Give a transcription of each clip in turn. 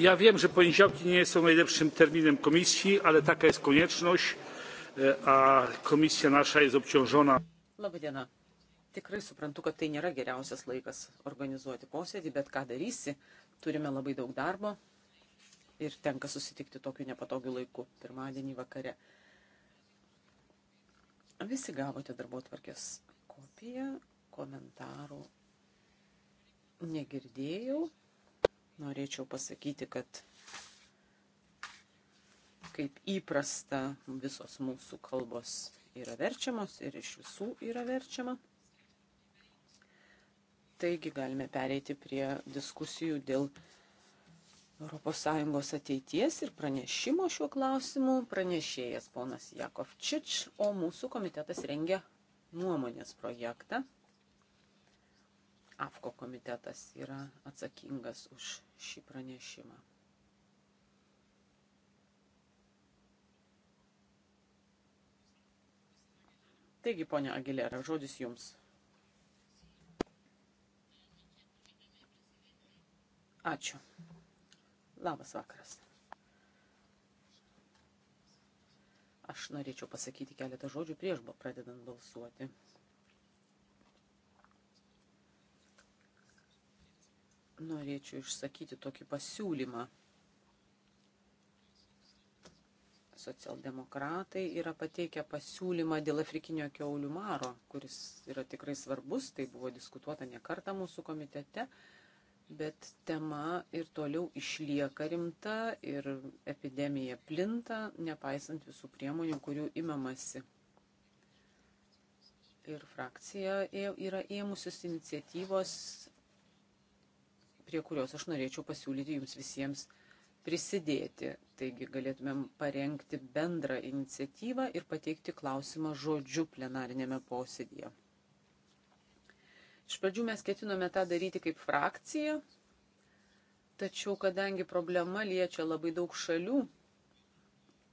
ja wiem że poniedziałki nie są najlepszym terminem komisji ale taka jest konieczność e, a komisja nasza jest obciążona Labai diena. Tikrai suprantu, kad tai nėra geriausias laikas organizuoti posėdį, bet ką darysi, turime labai daug darbo ir tenka susitikti tokiu nepatogiu laiku, pirmadienį vakare. Visi gavote darbo tvarkės kopiją, komentarų negirdėjau norėčiau pasakyti, kad kaip įprasta visos mūsų kalbos yra verčiamos ir iš visų yra verčiama. Taigi galime pereiti prie diskusijų dėl ES ateities ir pranešimo šiuo klausimu. Pranešėjas ponas Jakovčič, o mūsų komitetas rengia nuomonės projektą AFKO komitetas yra atsakingas už šį pranešimą. Taigi, ponia Agilera, žodis jums. Ačiū. Labas vakaras. Aš norėčiau pasakyti keletą žodžių prieš pradedant balsuoti. norėčiau išsakyti tokį pasiūlymą. Socialdemokratai yra pateikę pasiūlymą dėl afrikinio keulių maro, kuris yra tikrai svarbus, tai buvo diskutuota ne kartą mūsų komitete, bet tema ir toliau išlieka rimta ir epidemija plinta, nepaisant visų priemonių, kurių imamasi ir frakcija yra ėmusius iniciatyvos prie kurios aš norėčiau pasiūlyti jums visiems prisidėti. Taigi galėtumėm parengti bendrą iniciatyvą ir pateikti klausimą žodžiu plenarinėme posėdėje. Iš pradžių mes ketinome tą daryti kaip frakcija, tačiau kadangi problema liečia labai daug šalių,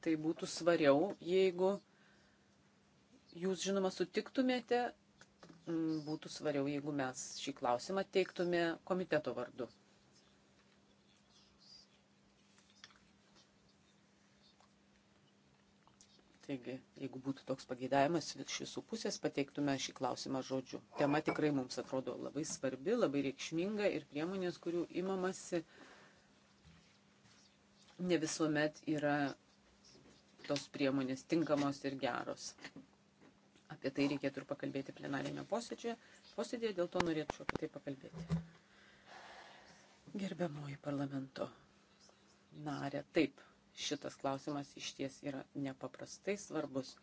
tai būtų svariau, jeigu jūs, žinoma, sutiktumėte būtų svariau, jeigu mes šį klausimą teiktume komiteto vardu. Taigi, jeigu būtų toks pageidavimas, iš visų pusės pateiktume šį klausimą žodžiu. Tema tikrai mums atrodo labai svarbi, labai reikšminga ir priemonės, kurių imamasi, ne visuomet yra tos priemonės tinkamos ir geros apie tai reikėtų ir pakalbėti plenarinio posėdžio, posėdėje, dėl to norėčiau apie tai pakalbėti. Gerbiamoji parlamento narė, taip, šitas klausimas iš ties yra nepaprastai svarbus.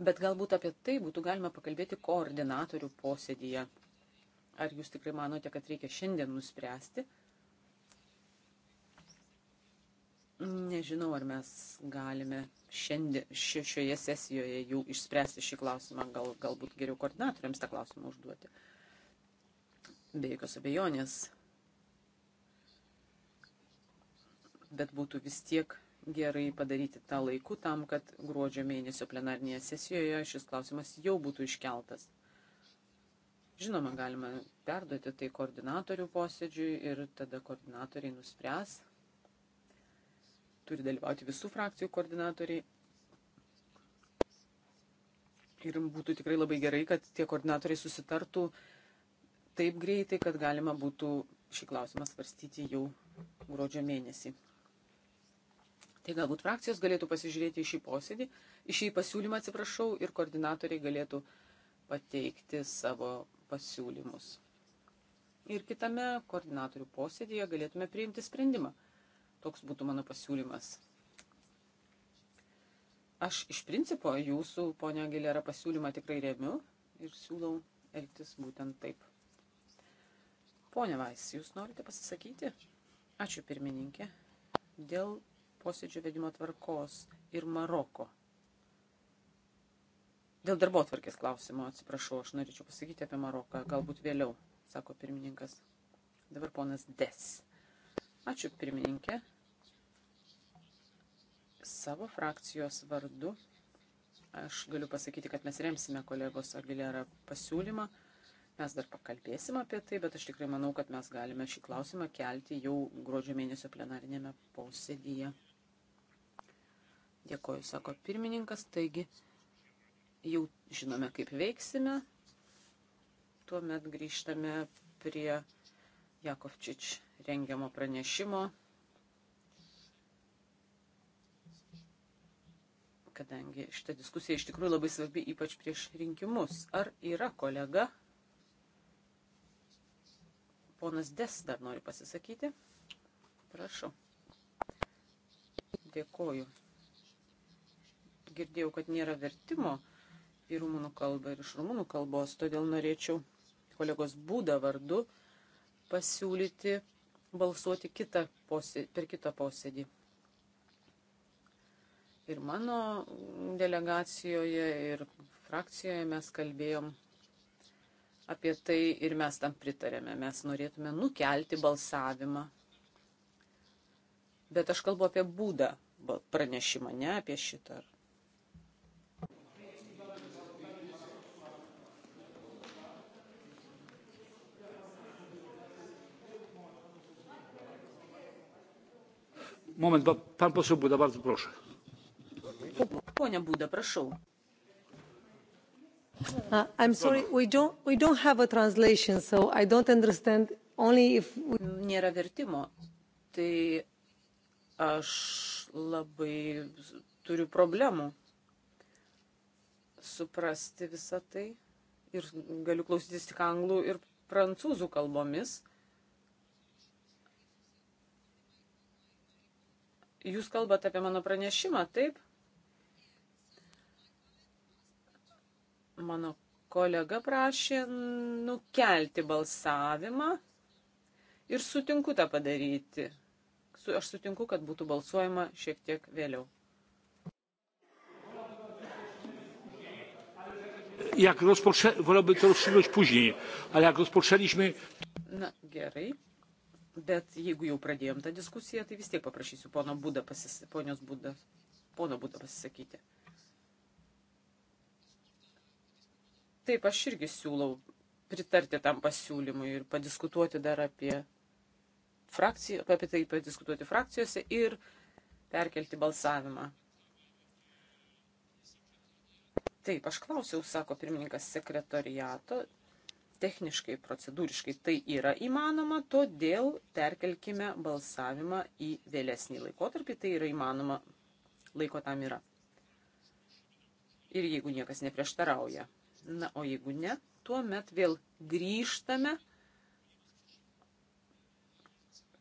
Bet galbūt apie tai būtų galima pakalbėti koordinatorių posėdėje. Ar jūs tikrai manote, kad reikia šiandien nuspręsti, Nežinau, ar mes galime šiandien, šioje sesijoje jau išspręsti šį klausimą, gal, galbūt geriau koordinatoriams tą klausimą užduoti. Be jokios abejonės. Bet būtų vis tiek gerai padaryti tą laiku tam, kad gruodžio mėnesio plenarnėje sesijoje šis klausimas jau būtų iškeltas. Žinoma, galima perduoti tai koordinatorių posėdžiui ir tada koordinatoriai nuspręs, turi dalyvauti visų frakcijų koordinatoriai. Ir būtų tikrai labai gerai, kad tie koordinatoriai susitartų taip greitai, kad galima būtų šį klausimą svarstyti jau gruodžio mėnesį. Tai galbūt frakcijos galėtų pasižiūrėti į šį posėdį, į šį pasiūlymą atsiprašau, ir koordinatoriai galėtų pateikti savo pasiūlymus. Ir kitame koordinatorių posėdėje galėtume priimti sprendimą. Toks būtų mano pasiūlymas. Aš iš principo jūsų, ponia Gilera, pasiūlymą tikrai remiu ir siūlau elgtis būtent taip. Pone Vais, jūs norite pasisakyti? Ačiū pirmininkė. Dėl posėdžio vedimo tvarkos ir Maroko. Dėl darbo tvarkės klausimo, atsiprašau, aš norėčiau pasakyti apie Maroką, galbūt vėliau, sako pirmininkas. Dabar ponas Des. Ačiū pirmininkė savo frakcijos vardu aš galiu pasakyti, kad mes remsime kolegos Aguilera pasiūlymą. Mes dar pakalbėsim apie tai, bet aš tikrai manau, kad mes galime šį klausimą kelti jau gruodžio mėnesio plenarinėme posėdyje. Dėkoju, sako pirmininkas, taigi jau žinome, kaip veiksime. Tuomet grįžtame prie Jakovčič rengiamo pranešimo kadangi šita diskusija iš tikrųjų labai svarbi, ypač prieš rinkimus. Ar yra kolega? Ponas Des dar nori pasisakyti. Prašau. Dėkoju. Girdėjau, kad nėra vertimo į rumunų kalbą ir iš rumunų kalbos, todėl norėčiau kolegos būdą vardu pasiūlyti balsuoti kitą posėdį, per kitą posėdį. Ir mano delegacijoje, ir frakcijoje mes kalbėjom apie tai ir mes tam pritarėme. Mes norėtume nukelti balsavimą. Bet aš kalbu apie būdą pranešimą, ne apie šitą. Moment, pan poseł Buda, bardzo proszę. Pone Būda, prašau. Uh, I'm sorry, we don't, we don't have a translation, so I don't understand only if... We... Nėra vertimo. Tai aš labai turiu problemų suprasti visą tai ir galiu klausytis tik anglų ir prancūzų kalbomis. Jūs kalbate apie mano pranešimą, taip? Mano kolega prašė nukelti balsavimą ir sutinku tą padaryti. Aš sutinku, kad būtų balsuojama šiek tiek vėliau. jak rozpoczę... wolałbym to rozstrzygnąć później, ale jak rozpoczęliśmy... Na gerai, bet jeigu jau pradėjom tą diskusiją, tai vis tiek paprašysiu pono Buda pasis... ponios Buda, pono Buda pasisakyti. Taip, aš irgi siūlau pritarti tam pasiūlymui ir padiskutuoti dar apie frakcijų, apie tai padiskutuoti frakcijose ir perkelti balsavimą. Taip, aš klausiau, sako pirmininkas sekretoriato, techniškai, procedūriškai tai yra įmanoma, todėl perkelkime balsavimą į vėlesnį laikotarpį, tai yra įmanoma, laiko tam yra. Ir jeigu niekas neprieštarauja. Na, o jeigu ne, tuomet vėl grįžtame.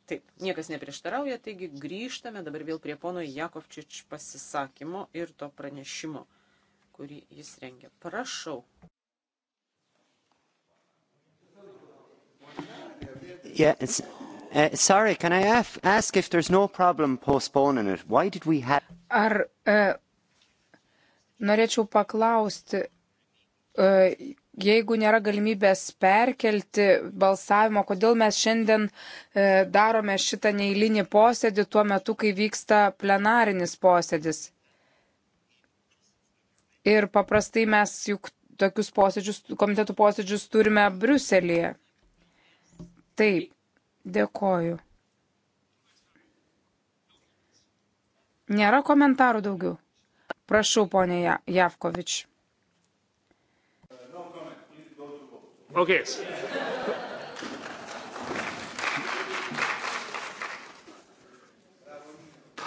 Taip, niekas neprieštarauja, taigi grįžtame dabar vėl prie pono Jakovčič pasisakymo ir to pranešimo, kurį jis rengia. Prašau. Yeah, it's, uh, sorry, can I af, ask if there's no problem postponing it? Why did we have... Ar uh, norėčiau paklausti, E, jeigu nėra galimybės perkelti balsavimo, kodėl mes šiandien e, darome šitą neįlinį posėdį tuo metu, kai vyksta plenarinis posėdis. Ir paprastai mes juk tokius posėdžius, komitetų posėdžius turime Bruselėje. Taip, dėkoju. Nėra komentarų daugiau. Prašau, ponė Javkovič. Okay.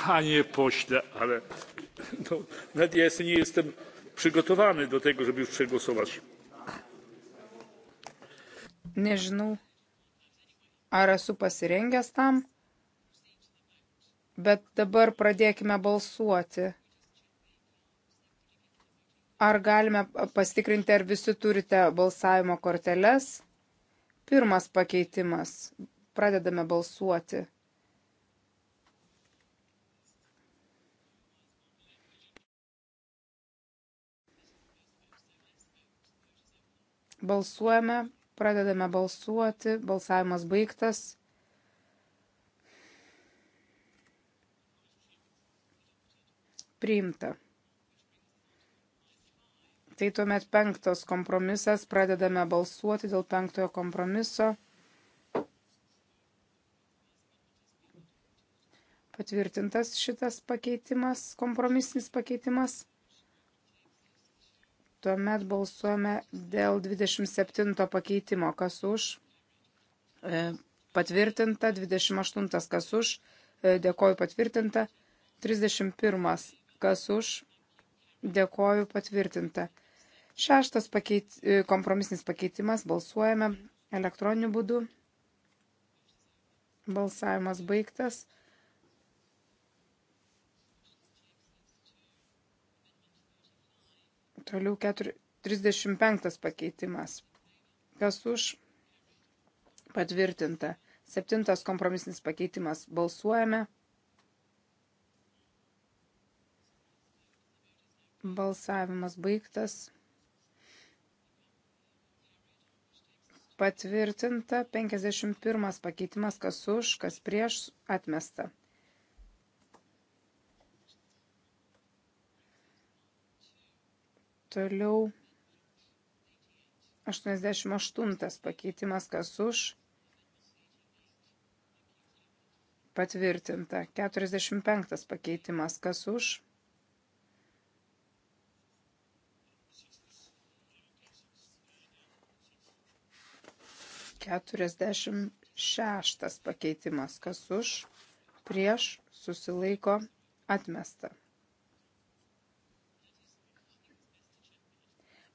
Panie pośle, ale no, nawet ja jeszcze nie jestem przygotowany do tego, żeby już przegłosować. Nežinau, ar esu pasirengęs tam, bet dabar pradėkime balsuoti. Ar galime pastikrinti, ar visi turite balsavimo korteles? Pirmas pakeitimas. Pradedame balsuoti. Balsuojame, pradedame balsuoti, balsavimas baigtas. Priimta. Tai tuomet penktas kompromisas. Pradedame balsuoti dėl penktojo kompromiso. Patvirtintas šitas pakeitimas, kompromisinis pakeitimas. Tuomet balsuojame dėl 27 pakeitimo, kas už. E, patvirtinta, 28 e, kas už. Dėkoju patvirtinta. 31 kas už. Dėkoju patvirtinta. Šeštas pakeit, e, kompromisinis pakeitimas. Balsuojame elektroniniu būdu. Balsavimas baigtas. Toliau 4, 35 pakeitimas. Kas už? Patvirtinta. Septintas kompromisinis pakeitimas. Balsuojame. Balsavimas baigtas. patvirtinta, 51 pakeitimas, kas už, kas prieš, atmesta. Toliau 88 pakeitimas, kas už, patvirtinta. 45 pakeitimas, kas už, 46 pakeitimas, kas už, prieš, susilaiko, atmesta.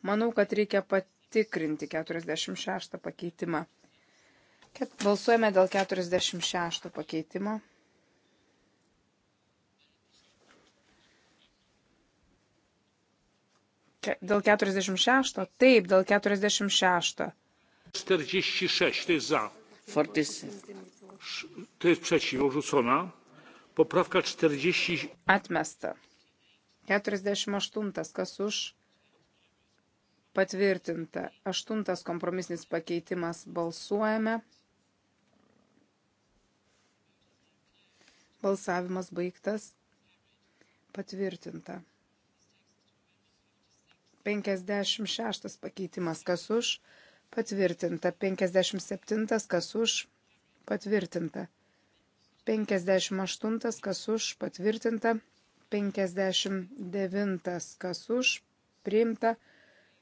Manau, kad reikia patikrinti 46 pakeitimą. Balsuojame dėl 46 pakeitimo. Dėl 46? Taip, dėl 46. 46, to jest za. 46. To jest przeciw, odrzucona. Poprawka 40. Atmesta. 48, kas už? Patvirtinta. Aštuntas kompromisinis pakeitimas balsuojame. Balsavimas baigtas. Patvirtinta. 56 pakeitimas kas už? patvirtinta. 57 kas už patvirtinta. 58 kas už patvirtinta. 59 kas už priimta.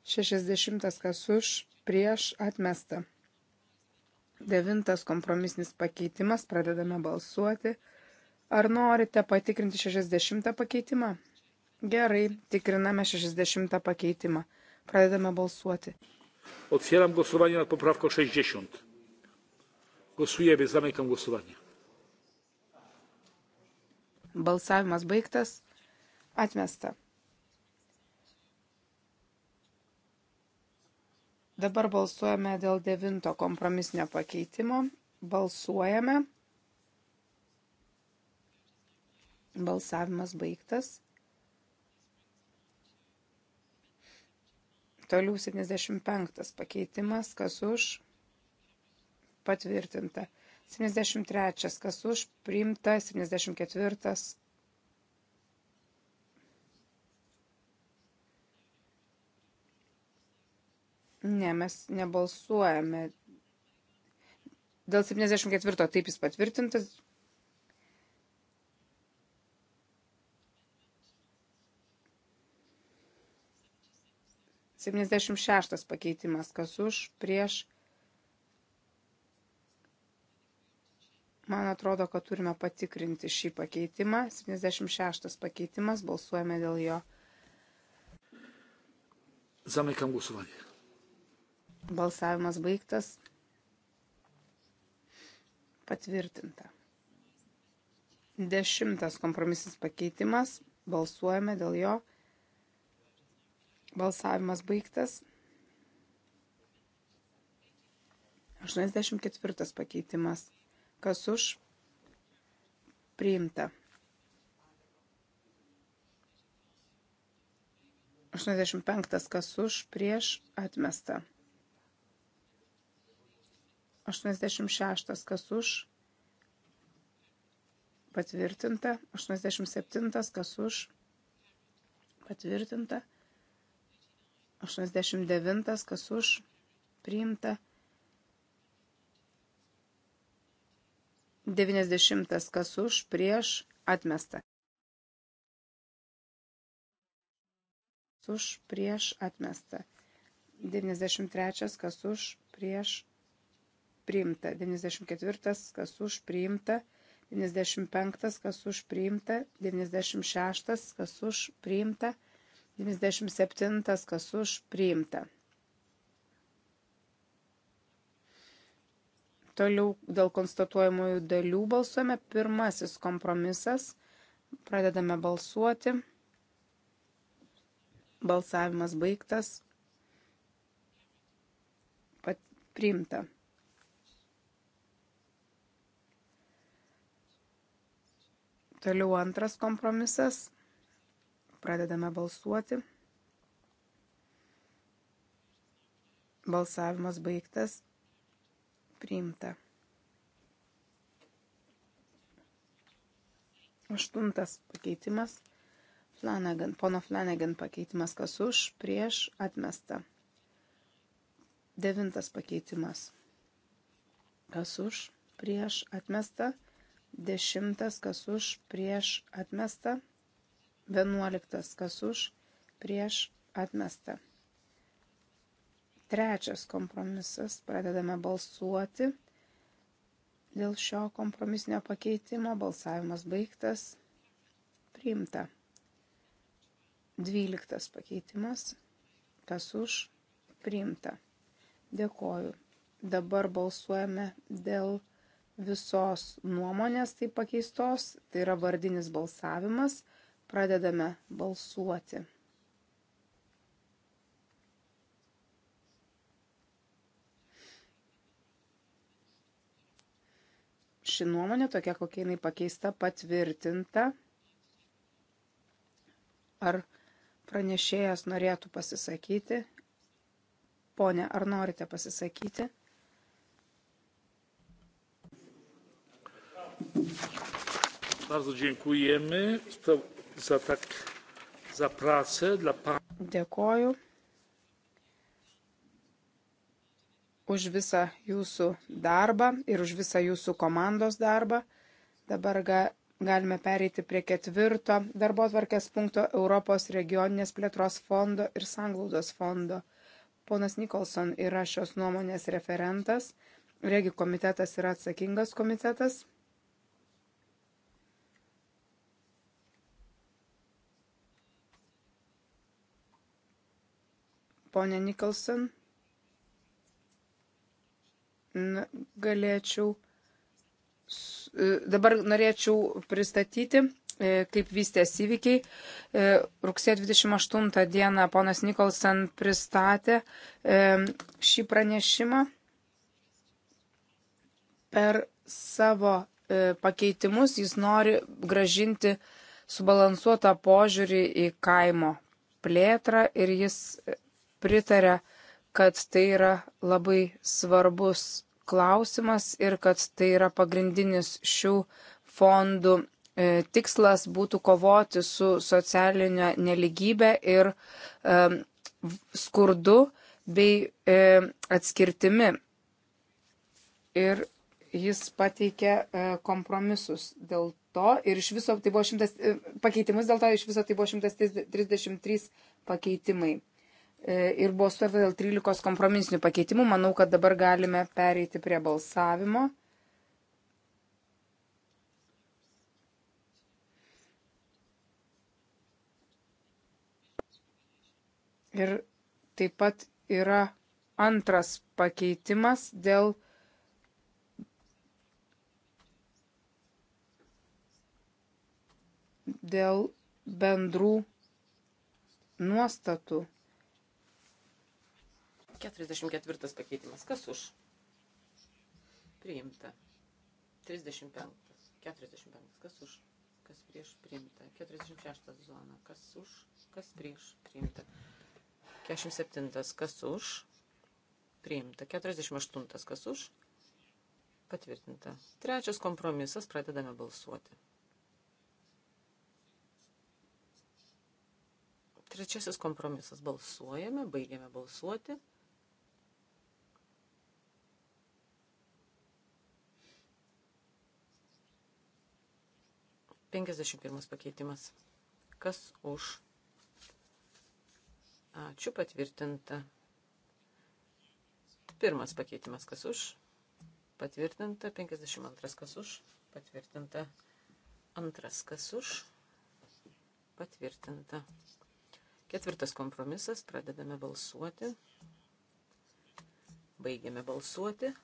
60 kas už prieš atmesta. 9 kompromisnis pakeitimas. Pradedame balsuoti. Ar norite patikrinti 60 pakeitimą? Gerai, tikriname 60 pakeitimą. Pradedame balsuoti. Otwieram głosowanie nad poprawką 60. Głosujemy. Zamykam głosowanie. Balsavimas baigtas. Atmesta. Dabar balsuojame dėl devinto kompromisinio pakeitimo. Balsuojame. Balsavimas baigtas. Toliau 75 pakeitimas, kas už patvirtinta. 73 kas už priimta, 74 Ne, mes nebalsuojame. Dėl 74 taip jis patvirtintas, 76 pakeitimas, kas už, prieš. Man atrodo, kad turime patikrinti šį pakeitimą. 76 pakeitimas, balsuojame dėl jo. Zamykam gusuvanie. Balsavimas baigtas. Patvirtinta. Dešimtas kompromisas pakeitimas, balsuojame dėl jo. Balsavimas baigtas. 84 pakeitimas. Kas už? Priimta. 85. Kas už? Prieš? Atmesta. 86. Kas už? Patvirtinta. 87. Kas už? Patvirtinta. 89, kas už, priimta. 90, kas už, prieš, atmesta. Už, prieš, atmesta. 93, kas už, prieš, priimta. 94, kas už, priimta. 95, kas už, priimta. 96, kas už, priimta. 97 kas už priimta. Toliau dėl konstatuojamųjų dalių balsuojame. Pirmasis kompromisas. Pradedame balsuoti. Balsavimas baigtas. Pat priimta. Toliau antras kompromisas. Pradedame balsuoti. Balsavimas baigtas. Priimta. Aštuntas pakeitimas. Flanagan, pono Flanagan pakeitimas kas už, prieš, atmesta. Devintas pakeitimas. Kas už, prieš, atmesta. Dešimtas kas už, prieš, atmesta. 11. Kas už, prieš atmesta. Trečias kompromisas. Pradedame balsuoti. Dėl šio kompromisinio pakeitimo balsavimas baigtas. Priimta. 12 pakeitimas. Kas už? Priimta. Dėkoju. Dabar balsuojame dėl visos nuomonės, tai pakeistos. Tai yra vardinis balsavimas. Pradedame balsuoti. Ši nuomonė, tokia kokia jinai pakeista, patvirtinta. Ar pranešėjas norėtų pasisakyti? Pone, ar norite pasisakyti? Bardzo dziękujemy za, tak, za pracę dla Pana. Dėkoju už visą jūsų darbą ir už visą jūsų komandos darbą. Dabar ga, galime pereiti prie ketvirto darbo tvarkės punkto Europos regioninės plėtros fondo ir sanglaudos fondo. Ponas Nikolson yra šios nuomonės referentas. Regi komitetas yra atsakingas komitetas. ponė Nikolson. Na, galėčiau. E, dabar norėčiau pristatyti, e, kaip vystės įvykiai. E, rugsėjo 28 dieną ponas Nikolson pristatė šį pranešimą per savo pakeitimus. Jis nori gražinti subalansuotą požiūrį į kaimo plėtrą ir jis pritarė, kad tai yra labai svarbus klausimas ir kad tai yra pagrindinis šių fondų e, tikslas būtų kovoti su socialinė neligybė ir e, skurdu bei e, atskirtimi. Ir jis pateikė e, kompromisus dėl to ir iš viso tai buvo šimtas e, pakeitimus, dėl to iš viso tai buvo 133 pakeitimai. E, ir buvo sutarta dėl 13 kompromisinių pakeitimų. Manau, kad dabar galime pereiti prie balsavimo. Ir taip pat yra antras pakeitimas dėl dėl bendrų nuostatų. 44 pakeitimas. Kas už? Priimta. 35. 45. Kas už? Kas prieš? Priimta. 46 zona. Kas už? Kas prieš? Priimta. 47. Kas už? Priimta. 48. Kas už? Patvirtinta. Trečias kompromisas. Pradedame balsuoti. Trečiasis kompromisas. Balsuojame, baigiame balsuoti. 51 pakeitimas. Kas už? Ačiū patvirtinta. Pirmas pakeitimas, kas už? Patvirtinta. 52, kas už? Patvirtinta. Antras, kas už? Patvirtinta. Ketvirtas kompromisas. Pradedame balsuoti. Baigiame balsuoti.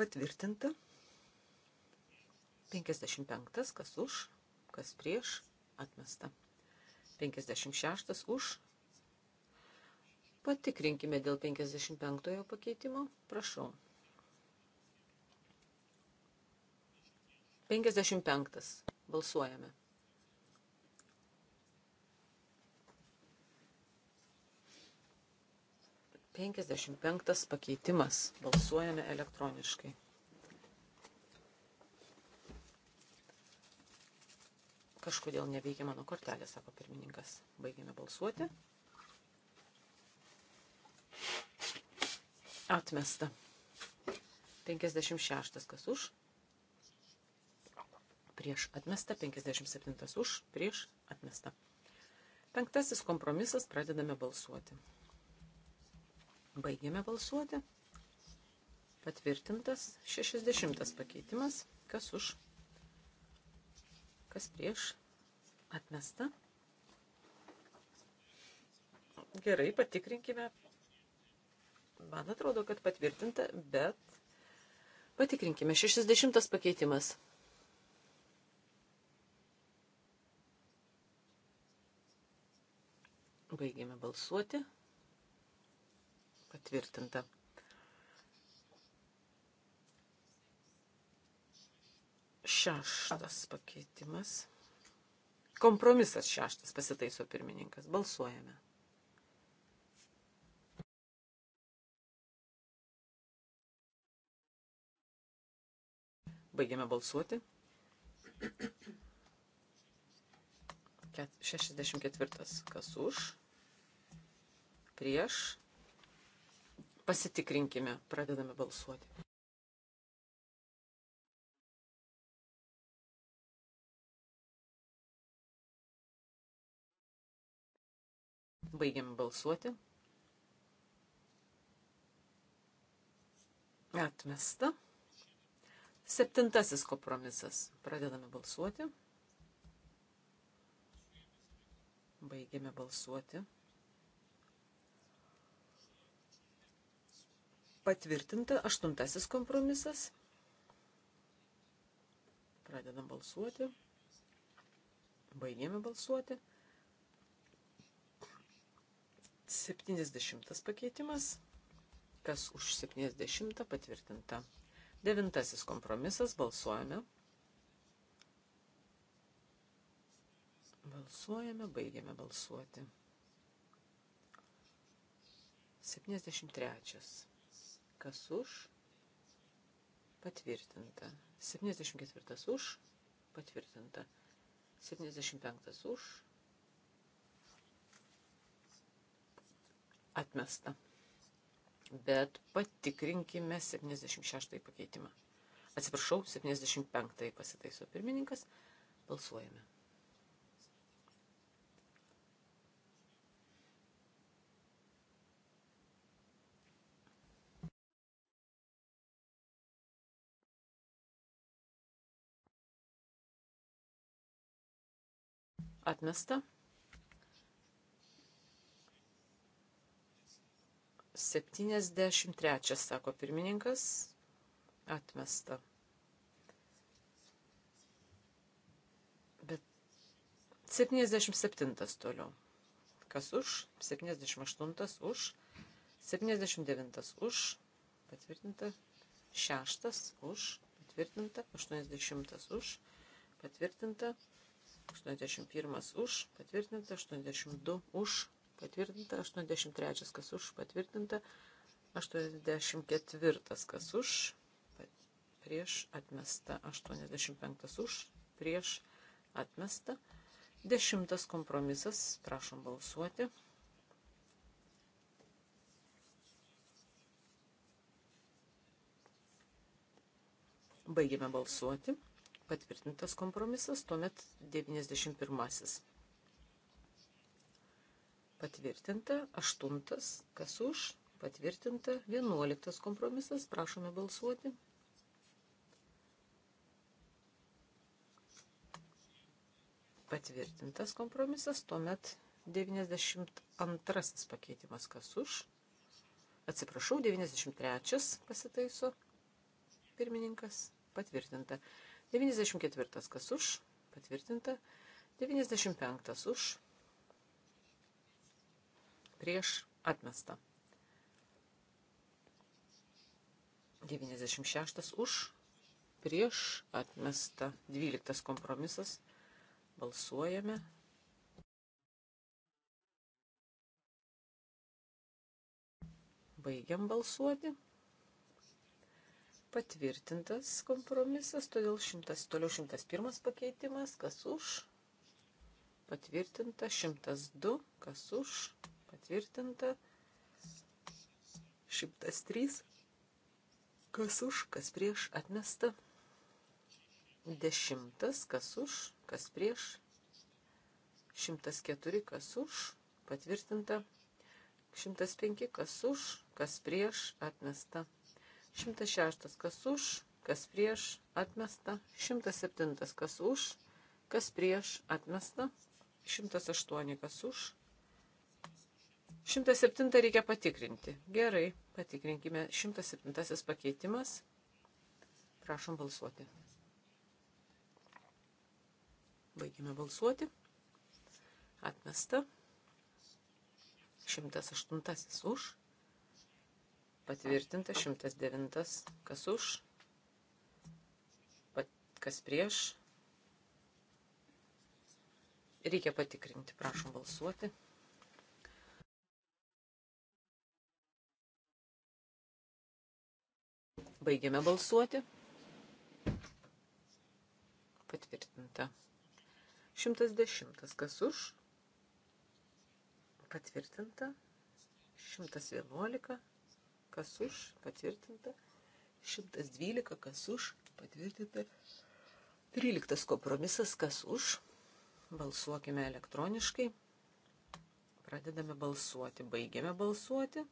Patvirtinta. 55. Kas už, kas prieš, atmesta. 56. Už. Patikrinkime dėl 55 pakeitimo. Prašau. 55. Balsuojame. 55 pakeitimas. Balsuojame elektroniškai. Kažkodėl neveikia mano kortelė, sako pirmininkas. Baigėme balsuoti. Atmesta. 56 kas už. Prieš atmesta. 57 už. Prieš atmesta. Penktasis kompromisas. Pradedame balsuoti. Baigiame balsuoti. Patvirtintas 60 pakeitimas. Kas už? Kas prieš? Atmesta. Gerai, patikrinkime. Man atrodo, kad patvirtinta, bet patikrinkime. 60 pakeitimas. Baigėme balsuoti. Patvirtinta. Šeštas pakeitimas. Kompromisas šeštas pasitaiso pirmininkas. Balsuojame. Baigiame balsuoti. 64. Kas už? Prieš Pasitikrinkime, pradedame balsuoti. Baigiam balsuoti. Atmesta. Septintasis kompromisas. Pradedame balsuoti. Baigiame balsuoti. patvirtinta. Aštuntasis kompromisas. Pradedam balsuoti. Baigėme balsuoti. 70 pakeitimas. Kas už 70 patvirtinta. Devintasis kompromisas. Balsuojame. Balsuojame, baigėme balsuoti. 73. Kas už? Patvirtinta. 74 už? Patvirtinta. 75 už? Atmesta. Bet patikrinkime 76 pakeitimą. Atsiprašau, 75 pasitaiso pirmininkas. Balsuojame. Atmesta. 73, sako pirmininkas. Atmesta. Bet 77 toliau. Kas už? 78 už. 79 už. Patvirtinta. 6 už. Patvirtinta. 80 už. Patvirtinta. 81 už, patvirtinta, 82 už, patvirtinta, 83 kas už, patvirtinta, 84 kas už, prieš atmesta, 85 už, prieš atmesta, 10 kompromisas, prašom balsuoti. Baigėme balsuoti. Patvirtintas kompromisas, tuomet 91. Patvirtinta 8. Kas už? Patvirtinta 11. kompromisas. Prašome balsuoti. Patvirtintas kompromisas, tuomet 92 pakeitimas kas už. Atsiprašau, 93 pasitaiso pirmininkas patvirtinta. 94 kas už, patvirtinta. 95 už, prieš atmestą. 96 už, prieš atmestą. 12 kompromisas. Balsuojame. Baigiam balsuoti patvirtintas kompromisas, todėl šimtas, toliau 101 pakeitimas, kas už, patvirtinta, 102, kas už, patvirtinta, 103, kas už, kas prieš, atmesta, 10, kas už, kas prieš, 104, kas už, patvirtinta, 105, kas už, kas prieš, atmesta. 106 kas už, kas prieš atmesta, 107 kas už, kas prieš atmesta, 108 kas už. 107 reikia patikrinti. Gerai, patikrinkime 107 pakeitimas. Prašom balsuoti. Baigime balsuoti. Atmesta. 108 už patvirtinta 109, kas už, pat, kas prieš. Reikia patikrinti, prašom balsuoti. Baigiame balsuoti. Patvirtinta. 110. Kas už? Patvirtinta. 111 kas už, patvirtinta. 112, kas už, patvirtinta. 13 kompromisas, kas už. Balsuokime elektroniškai. Pradedame balsuoti, baigiame balsuoti.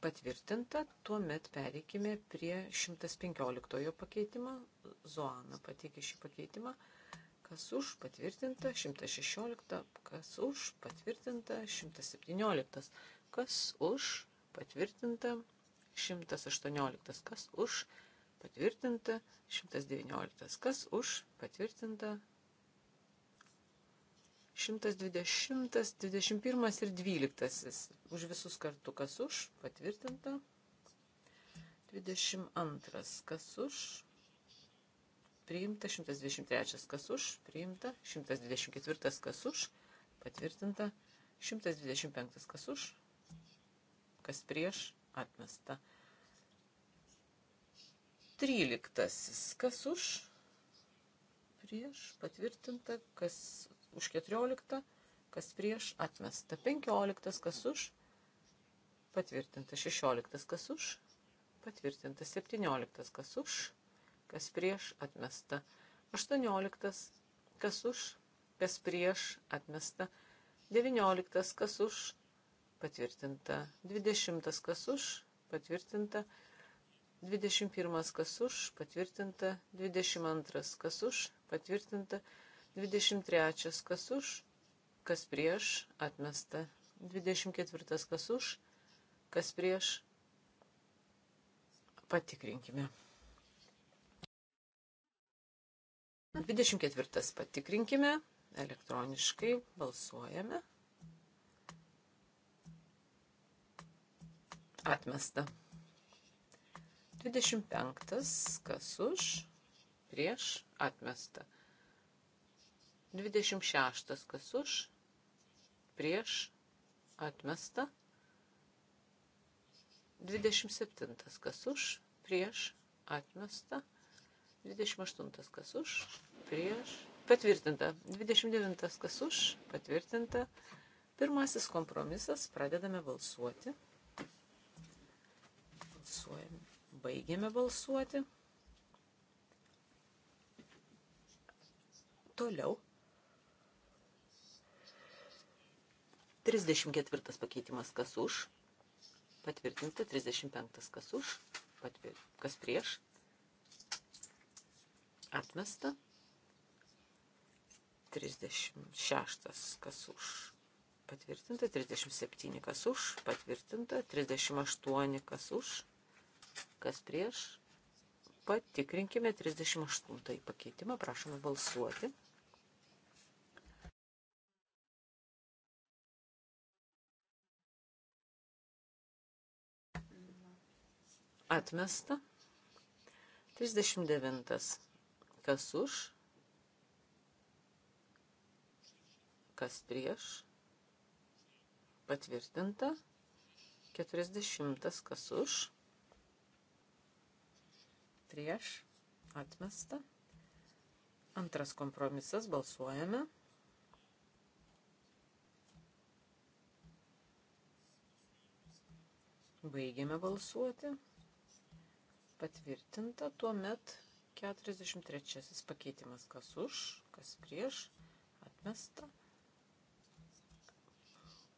Patvirtinta, tuomet pereikime prie 115 pakeitimo. Zoana pateikė šį pakeitimą. Kas už patvirtinta, 116, kas už patvirtinta, 117 kas už, patvirtinta, 118, kas už, patvirtinta, 119, kas už, patvirtinta, 120, 21 ir 12. Už visus kartu, kas už, patvirtinta. 22, kas už, priimta. 123, kas už, priimta. 124, kas už, patvirtinta. 125, kas už, kas prieš, atmesta. Tryliktasis, kas už, prieš, patvirtinta, kas už keturioliktą, kas prieš, atmesta. Penkioliktas, kas už, patvirtinta. Šešioliktas, kas už, patvirtinta. Septynioliktas, kas už, kas prieš, atmesta. Aštuonioliktas, kas už, kas prieš, atmesta. Devynioliktas, kas už, patvirtinta. 20 kas už, patvirtinta. 21 kas už, patvirtinta. 22 kas už, patvirtinta. 23 kas už, kas prieš, atmesta. 24 kas už, kas prieš, patikrinkime. 24 patikrinkime, elektroniškai balsuojame. Atmesta. 25. Kas už? Prieš? Atmesta. 26. Kas už? Prieš? Atmesta. 27. Kas už? Prieš? Atmesta. 28. Kas už? Prieš? Patvirtinta. 29. Kas už? Patvirtinta. Pirmasis kompromisas. Pradedame balsuoti. Balsuojame. Baigėme balsuoti. Toliau. 34 pakeitimas kas už. Patvirtinta. 35 kas už. Patvir... Kas prieš. Atmesta. 36 kas už. Patvirtinta. 37 kas už. Patvirtinta. 38 kas už kas prieš. Patikrinkime 38 pakeitimą, prašome balsuoti. Atmesta. 39. Kas už? Kas prieš? Patvirtinta. 40. Kas už? prieš, atmesta. Antras kompromisas, balsuojame. Baigiame balsuoti. Patvirtinta tuo met 43 pakeitimas, kas už, kas prieš, atmesta.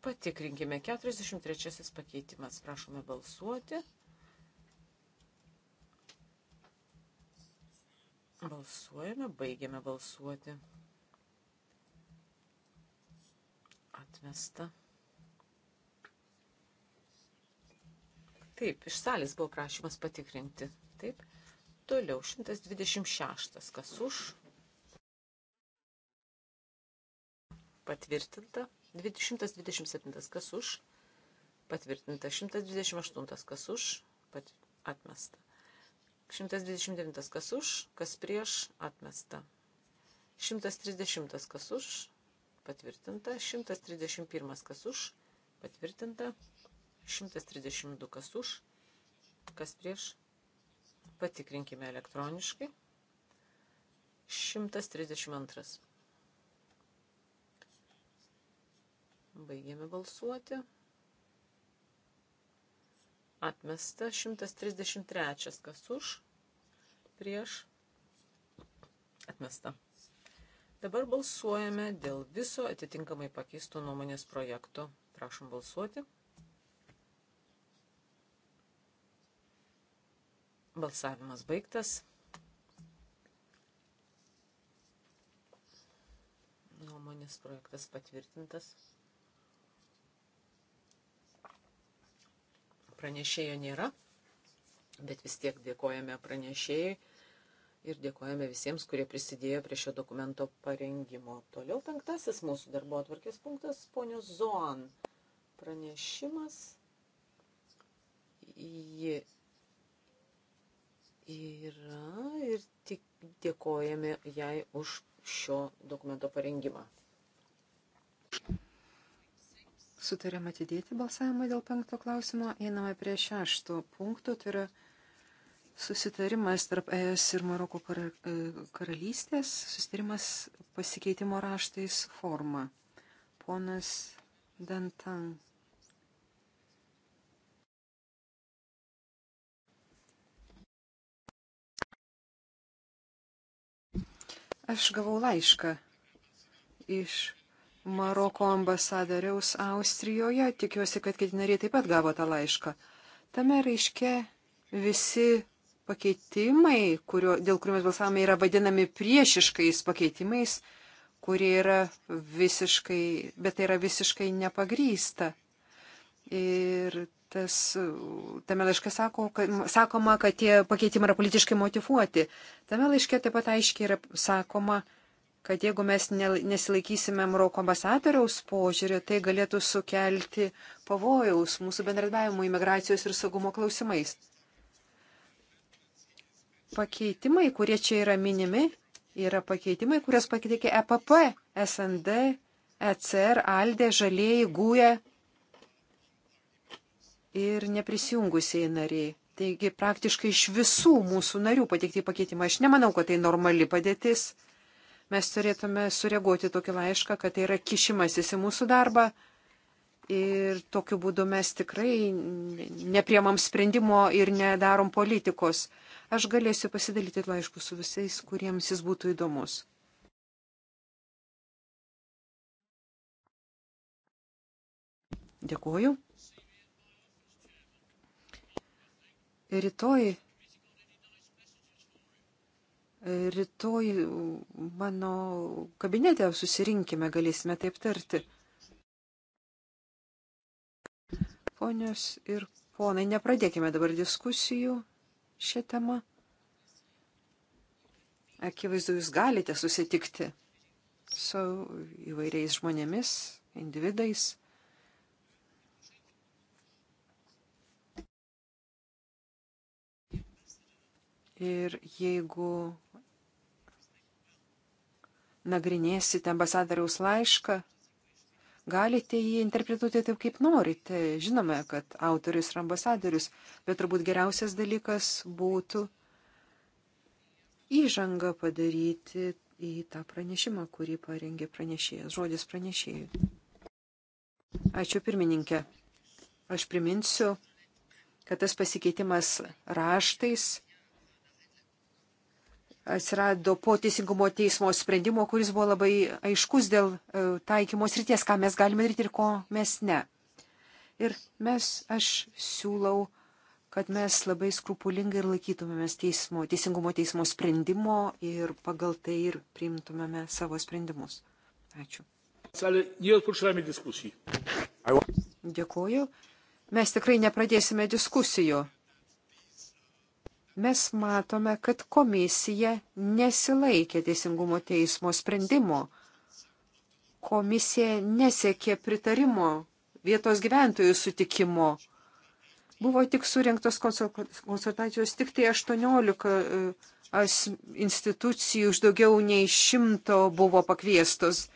Patikrinkime 43 pakeitimas, prašome balsuoti. Balsuojame, baigiame balsuoti. Atmesta. Taip, iš salės buvo prašymas patikrinti. Taip. Toliau 126. Kas už? Patvirtinta. 127. Kas už? Patvirtinta. 128. Kas už? Pat... Atmesta. 129 kas už, kas prieš atmesta. 130 kas už, patvirtinta. 131 kas už, patvirtinta. 132 kas už, kas prieš. Patikrinkime elektroniškai. 132. Baigėme balsuoti. Atmesta 133. Kas už? Prieš? Atmesta. Dabar balsuojame dėl viso atitinkamai pakeisto nuomonės projekto. Prašom balsuoti. Balsavimas baigtas. Nuomonės projektas patvirtintas. pranešėjo nėra, bet vis tiek dėkojame pranešėjai ir dėkojame visiems, kurie prisidėjo prie šio dokumento parengimo. Toliau penktasis mūsų darbo atvarkės punktas - ponios Zoan pranešimas. Ji yra ir tik dėkojame jai už šio dokumento parengimą sutarėm atidėti balsavimą dėl penkto klausimo. Einame prie šešto punkto, tai yra susitarimas tarp ES ir Maroko e, karalystės, susitarimas pasikeitimo raštais forma. Ponas Dantan. Aš gavau laišką iš Maroko ambasadoriaus Austrijoje. Tikiuosi, kad kiti nariai taip pat gavo tą laišką. Tame reiškia visi pakeitimai, kurio, dėl kurių mes balsavome, yra vadinami priešiškais pakeitimais, kurie yra visiškai, bet tai yra visiškai nepagrysta. Ir tas, tame laiške sako, kad, sakoma, kad tie pakeitimai yra politiškai motivuoti. Tame laiške taip pat aiškiai yra sakoma, kad jeigu mes nesilaikysime Maroko ambasadoriaus požiūrį, tai galėtų sukelti pavojaus mūsų bendradavimo imigracijos ir saugumo klausimais. Pakeitimai, kurie čia yra minimi, yra pakeitimai, kurias pakeitė EPP, SND, ECR, ALDE, Žalieji, GUE ir neprisijungusiai nariai. Taigi praktiškai iš visų mūsų narių pateikti pakeitimą. Aš nemanau, kad tai normali padėtis Mes turėtume sureaguoti tokį laišką, kad tai yra kišimasis į mūsų darbą ir tokiu būdu mes tikrai nepriemam sprendimo ir nedarom politikos. Aš galėsiu pasidalyti laiškus su visais, kuriems jis būtų įdomus. Dėkuoju. Rytoj Rytoj mano kabinete susirinkime, galėsime taip tarti. Ponios ir ponai, nepradėkime dabar diskusijų šią temą. Akivaizdu, jūs galite susitikti su įvairiais žmonėmis, individais. Ir jeigu nagrinėsite ambasadoriaus laišką, galite jį interpretuoti taip, kaip norite. Žinome, kad autorius yra ambasadorius, bet turbūt geriausias dalykas būtų įžangą padaryti į tą pranešimą, kurį parengė pranešėjas. Žodis pranešėjui. Ačiū pirmininkė. Aš priminsiu, kad tas pasikeitimas raštais atsirado po teisingumo teismo sprendimo, kuris buvo labai aiškus dėl e, taikymos ryties, ką mes galime daryti ir ko mes ne. Ir mes, aš siūlau, kad mes labai skrupulingai ir laikytumėmės teismo, teisingumo teismo sprendimo ir pagal tai ir priimtumėme savo sprendimus. Ačiū. Dėkuoju. Mes tikrai nepradėsime diskusijų mes matome, kad komisija nesilaikė Teisingumo teismo sprendimo. Komisija nesiekė pritarimo vietos gyventojų sutikimo. Buvo tik surinktos konsultacijos tik tai 18 e, institucijų iš daugiau nei šimto buvo pakviestos.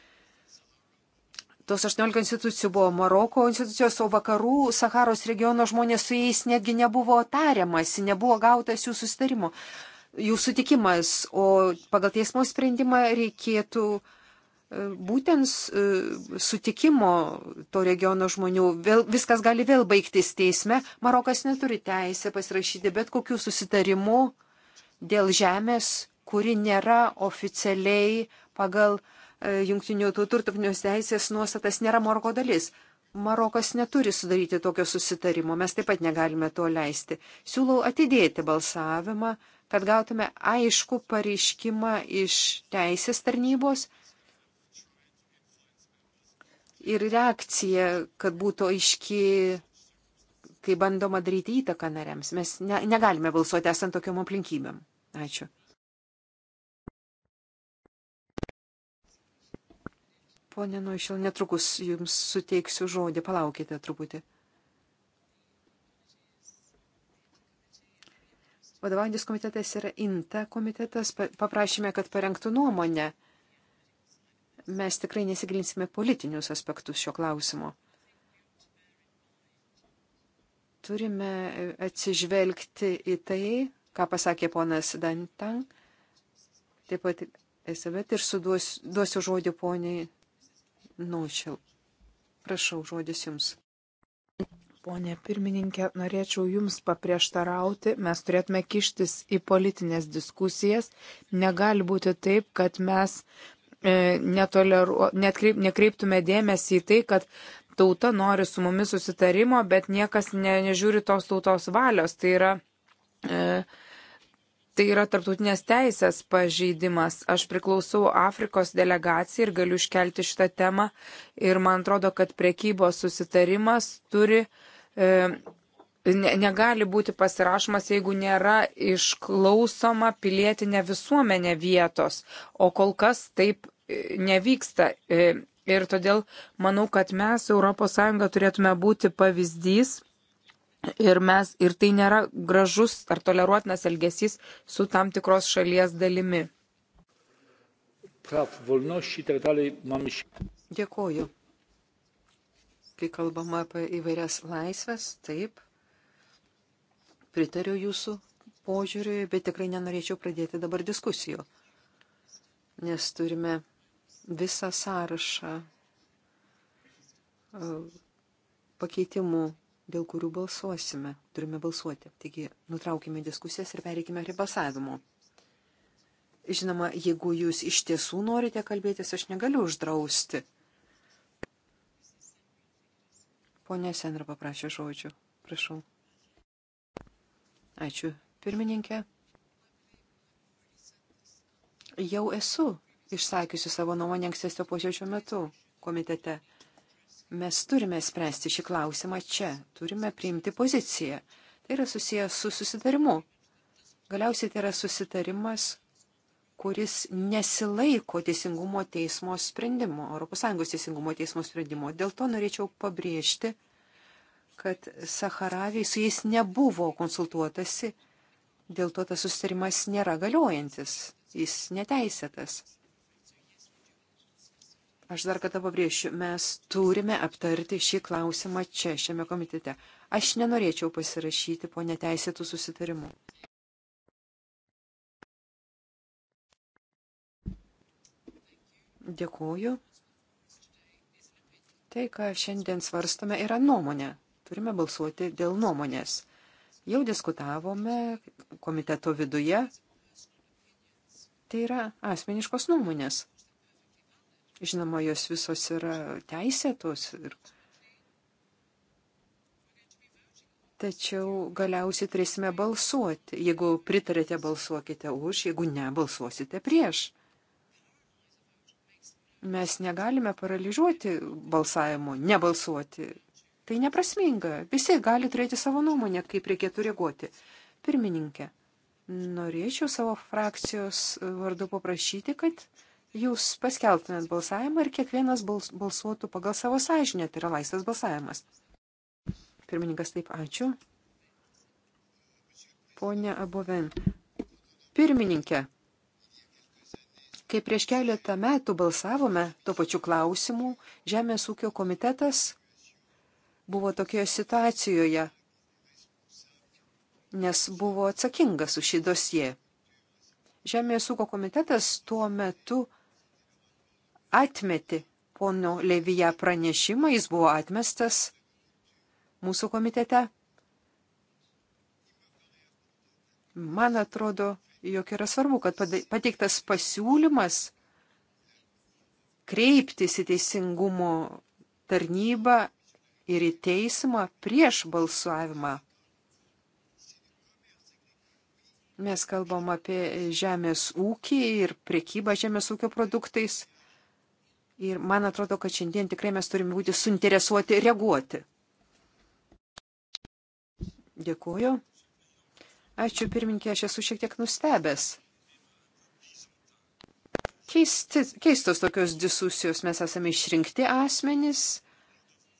Tos 18 institucijų buvo Maroko institucijos, o vakarų Saharos regiono žmonės su jais netgi nebuvo tariamasi, nebuvo gautas jų sustarimo, jų sutikimas, o pagal teismo sprendimą reikėtų e, būtent e, sutikimo to regiono žmonių. Vėl, viskas gali vėl baigtis teisme. Marokas neturi teisę pasirašyti bet kokių susitarimų dėl žemės, kuri nėra oficialiai pagal E, jungtinių tautų ir tarptautinės teisės nuostatas nėra Maroko dalis. Marokas neturi sudaryti tokio susitarimo, mes taip pat negalime to leisti. Siūlau atidėti balsavimą, kad gautume aišku pareiškimą iš teisės tarnybos ir reakcija, kad būtų aiški, kai bandoma daryti įtaką nariams. Mes ne, negalime balsuoti esant tokiam aplinkybėm. Ačiū. Pone Noišil, netrukus jums suteiksiu žodį, palaukite truputį. Vadovaujantis komitetas yra INTA komitetas, paprašėme, kad parengtų nuomonę. Mes tikrai nesigilinsime politinius aspektus šio klausimo. Turime atsižvelgti į tai, ką pasakė ponas Dantang, taip pat esabet ir suduosiu žodį poniai Naučil. Prašau, žodis jums. Pone pirmininkė, norėčiau Jums paprieštarauti, mes turėtume kištis į politinės diskusijas. Negali būti taip, kad mes e, netoleru, netkreip, nekreiptume dėmesį į tai, kad tauta nori su mumis susitarimo, bet niekas ne, nežiūri tos tautos valios. Tai yra e, tai yra tarptautinės teisės pažeidimas. Aš priklausau Afrikos delegacijai ir galiu iškelti šitą temą. Ir man atrodo, kad priekybos susitarimas turi. E, ne, negali būti pasirašomas, jeigu nėra išklausoma pilietinė visuomenė vietos. O kol kas taip e, nevyksta. E, ir todėl manau, kad mes, ES, turėtume būti pavyzdys Ir, mes, ir tai nėra gražus ar toleruotinas elgesys su tam tikros šalies dalimi. Prav, volnoši, tak dalej, mamy... Dėkoju. Kai kalbama apie įvairias laisvės, taip, pritariu jūsų požiūriui, bet tikrai nenorėčiau pradėti dabar diskusijų, nes turime visą sąrašą e, pakeitimų dėl kurių balsuosime, turime balsuoti. Taigi nutraukime diskusijas ir pereikime prie balsavimo. Žinoma, jeigu jūs iš tiesų norite kalbėtis, aš negaliu uždrausti. Pone Senra paprašė žodžių. Prašau. Ačiū, pirmininkė. Jau esu išsakiusi savo nuomonę ankstesnio posėdžio metu komitete. Mes turime spręsti šį klausimą čia, turime priimti poziciją. Tai yra susijęs su susitarimu. Galiausiai tai yra susitarimas, kuris nesilaiko teisingumo teismo sprendimo, ES teisingumo teismo sprendimo. Dėl to norėčiau pabrėžti, kad Saharaviai su jais nebuvo konsultuotasi, dėl to tas susitarimas nėra galiojantis, jis neteisėtas. Aš dar kartą pabrėšiu, mes turime aptarti šį klausimą čia, šiame komitete. Aš nenorėčiau pasirašyti po neteisėtų susitarimų. Dėkuoju. Tai, ką šiandien svarstome, yra nuomonė. Turime balsuoti dėl nuomonės. Jau diskutavome komiteto viduje. Tai yra asmeniškos nuomonės. Žinoma, jos visos yra teisėtos. Ir... Tačiau galiausiai turėsime balsuoti. Jeigu pritarėte, balsuokite už, jeigu ne, balsuosite prieš. Mes negalime paralyžiuoti balsavimo, nebalsuoti. Tai neprasminga. Visi gali turėti savo nuomonę, kaip reikėtų reaguoti. Pirmininkė, norėčiau savo frakcijos vardu paprašyti, kad jūs paskelbtumėt balsavimą ir kiekvienas bals, balsuotų pagal savo sąžinę, tai yra laisvas balsavimas. Pirmininkas taip, ačiū. Pone Aboven. Pirmininkė, kai prieš keletą metų balsavome tuo pačiu klausimu, Žemės ūkio komitetas buvo tokioje situacijoje, nes buvo atsakingas už šį dosiją. Žemės ūkio komitetas tuo metu atmeti pono Levyje pranešimą, jis buvo atmestas mūsų komitete. Man atrodo, jog yra svarbu, kad pateiktas pasiūlymas kreiptis į teisingumo tarnybą ir į teismą prieš balsuavimą. Mes kalbam apie žemės ūkį ir priekybą žemės ūkio produktais. Ir man atrodo, kad šiandien tikrai mes turime būti suinteresuoti reaguoti. Dėkuoju. Ačiū pirminkė, aš esu šiek tiek nustebęs. Keisti, keistos tokios diskusijos mes esame išrinkti asmenys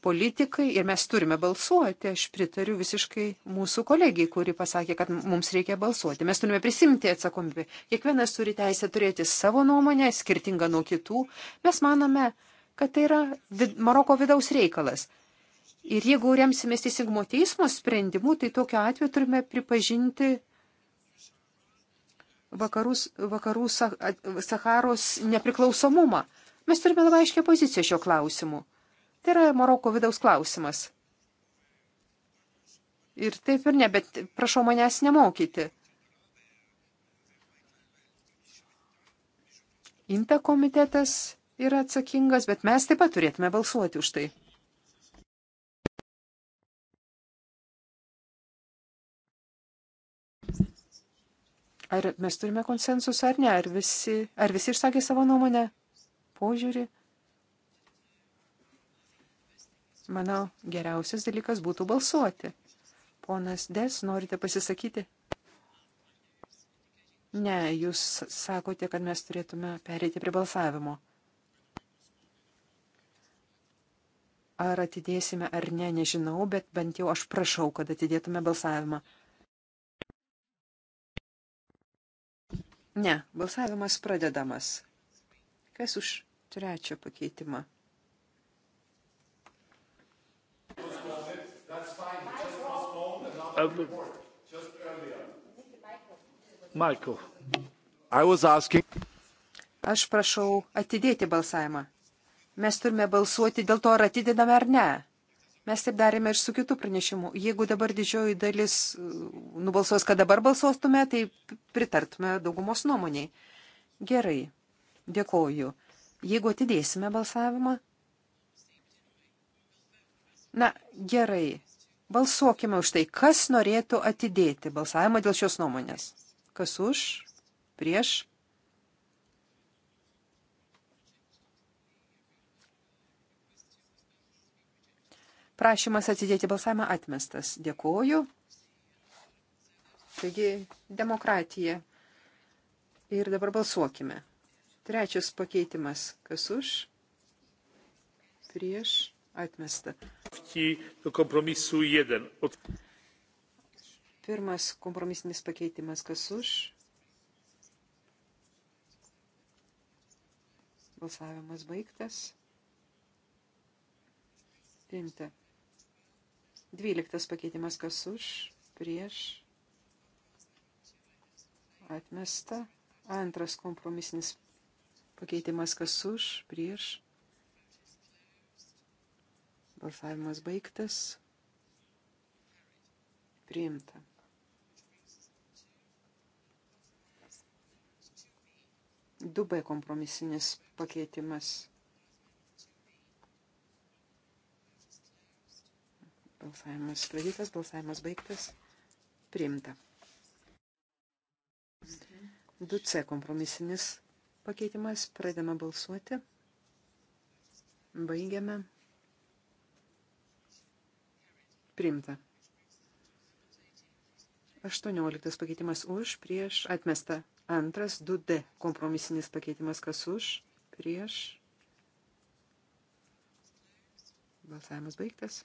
politikai ir mes turime balsuoti. Aš pritariu visiškai mūsų kolegijai, kuri pasakė, kad mums reikia balsuoti. Mes turime prisimti atsakomybę. Kiekvienas turi teisę turėti savo nuomonę, skirtingą nuo kitų. Mes manome, kad tai yra vid Maroko vidaus reikalas. Ir jeigu remsimės teisingumo teismo sprendimu, tai tokiu atveju turime pripažinti vakarus, vakarų Saharos nepriklausomumą. Mes turime labai aiškę poziciją šio klausimu. Tai yra Maroko vidaus klausimas. Ir taip ir ne, bet prašau manęs nemokyti. Inta komitetas yra atsakingas, bet mes taip pat turėtume balsuoti už tai. Ar mes turime konsensusą ar ne? Ar visi, ar visi išsakė savo nuomonę, požiūrį? Manau, geriausias dalykas būtų balsuoti. Ponas Des, norite pasisakyti? Ne, jūs sakote, kad mes turėtume pereiti prie balsavimo. Ar atidėsime ar ne, nežinau, bet bent jau aš prašau, kad atidėtume balsavimą. Ne, balsavimas pradedamas. Kas už trečią pakeitimą? Um, Michael. Asking... Aš prašau atidėti balsavimą. Mes turime balsuoti dėl to, ar atidedame ar ne. Mes taip darėme ir su kitu pranešimu. Jeigu dabar didžioji dalis uh, nubalsuos, kad dabar balsuostume, tai pritartume daugumos nuomoniai. Gerai, dėkoju. Jeigu atidėsime balsavimą. Na, gerai, Balsuokime už tai, kas norėtų atidėti balsavimą dėl šios nuomonės. Kas už, prieš. Prašymas atidėti balsavimą atmestas. Dėkuoju. Taigi demokratija. Ir dabar balsuokime. Trečias pakeitimas. Kas už? Prieš Atmesta. Pirmas kompromisinis pakeitimas, kas už. Balsavimas baigtas. Priimta. Dvyliktas pakeitimas, kas už, prieš. Atmesta. Antras kompromisinis pakeitimas, kas už, prieš Balsavimas baigtas. Priimta. Dubai kompromisinis pakeitimas. Balsavimas pradėtas, balsavimas baigtas. Priimta. 2C kompromisinis pakeitimas. Pradėme balsuoti. Baigiame. Primta. 18 pakeitimas už, prieš, atmesta. Antras 2D kompromisinis pakeitimas kas už, prieš. Balsavimas baigtas.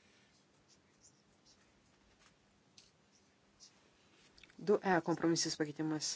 2E kompromisinis pakeitimas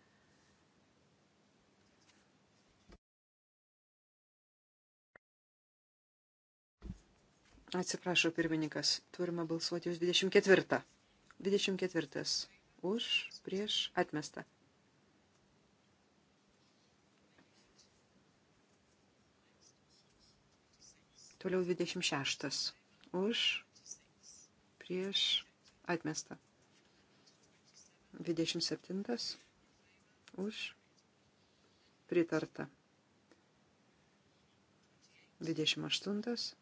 Atsiprašau, pirmininkas, turime balsuoti už 24. 24. Už, prieš, atmesta. Toliau 26. Už, prieš, atmesta. 27. Už, pritarta. 28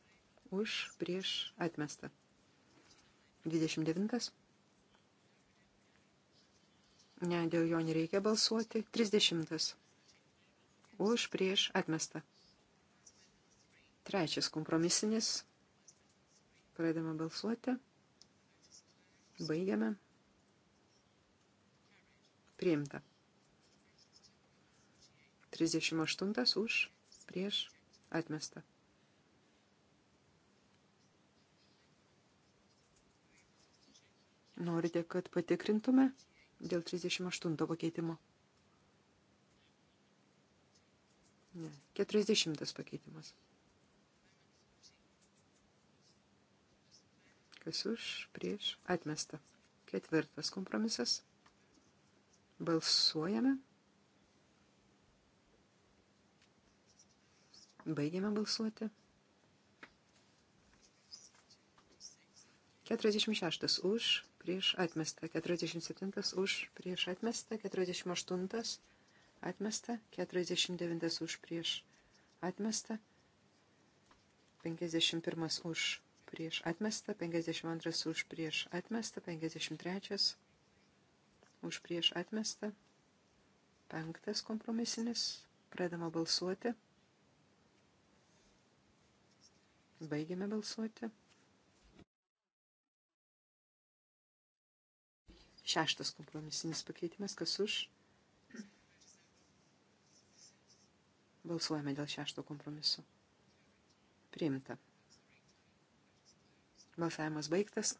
už prieš atmestą. 29. Ne, dėl jo nereikia balsuoti. 30. Už prieš atmestą. Trečias kompromisinis. Pradedame balsuoti. Baigiame. Priimta. 38 už prieš atmestą. Norite, kad patikrintume dėl 38 pakeitimo? Ne, 40 pakeitimas. Kas už, prieš, atmesta. Ketvirtas kompromisas. Balsuojame. Baigiame balsuoti. 46 už, prieš atmestą, 47 už prieš atmestą, 48 atmestą, 49 už prieš atmestą, 51 už prieš atmestą, 52 už prieš atmestą, 53 už prieš atmestą, 5 kompromisinis, pradama balsuoti, baigiame balsuoti. Šeštas kompromisinis pakeitimas, kas už. Balsuojame dėl šešto kompromiso. Priimta. Balsavimas baigtas.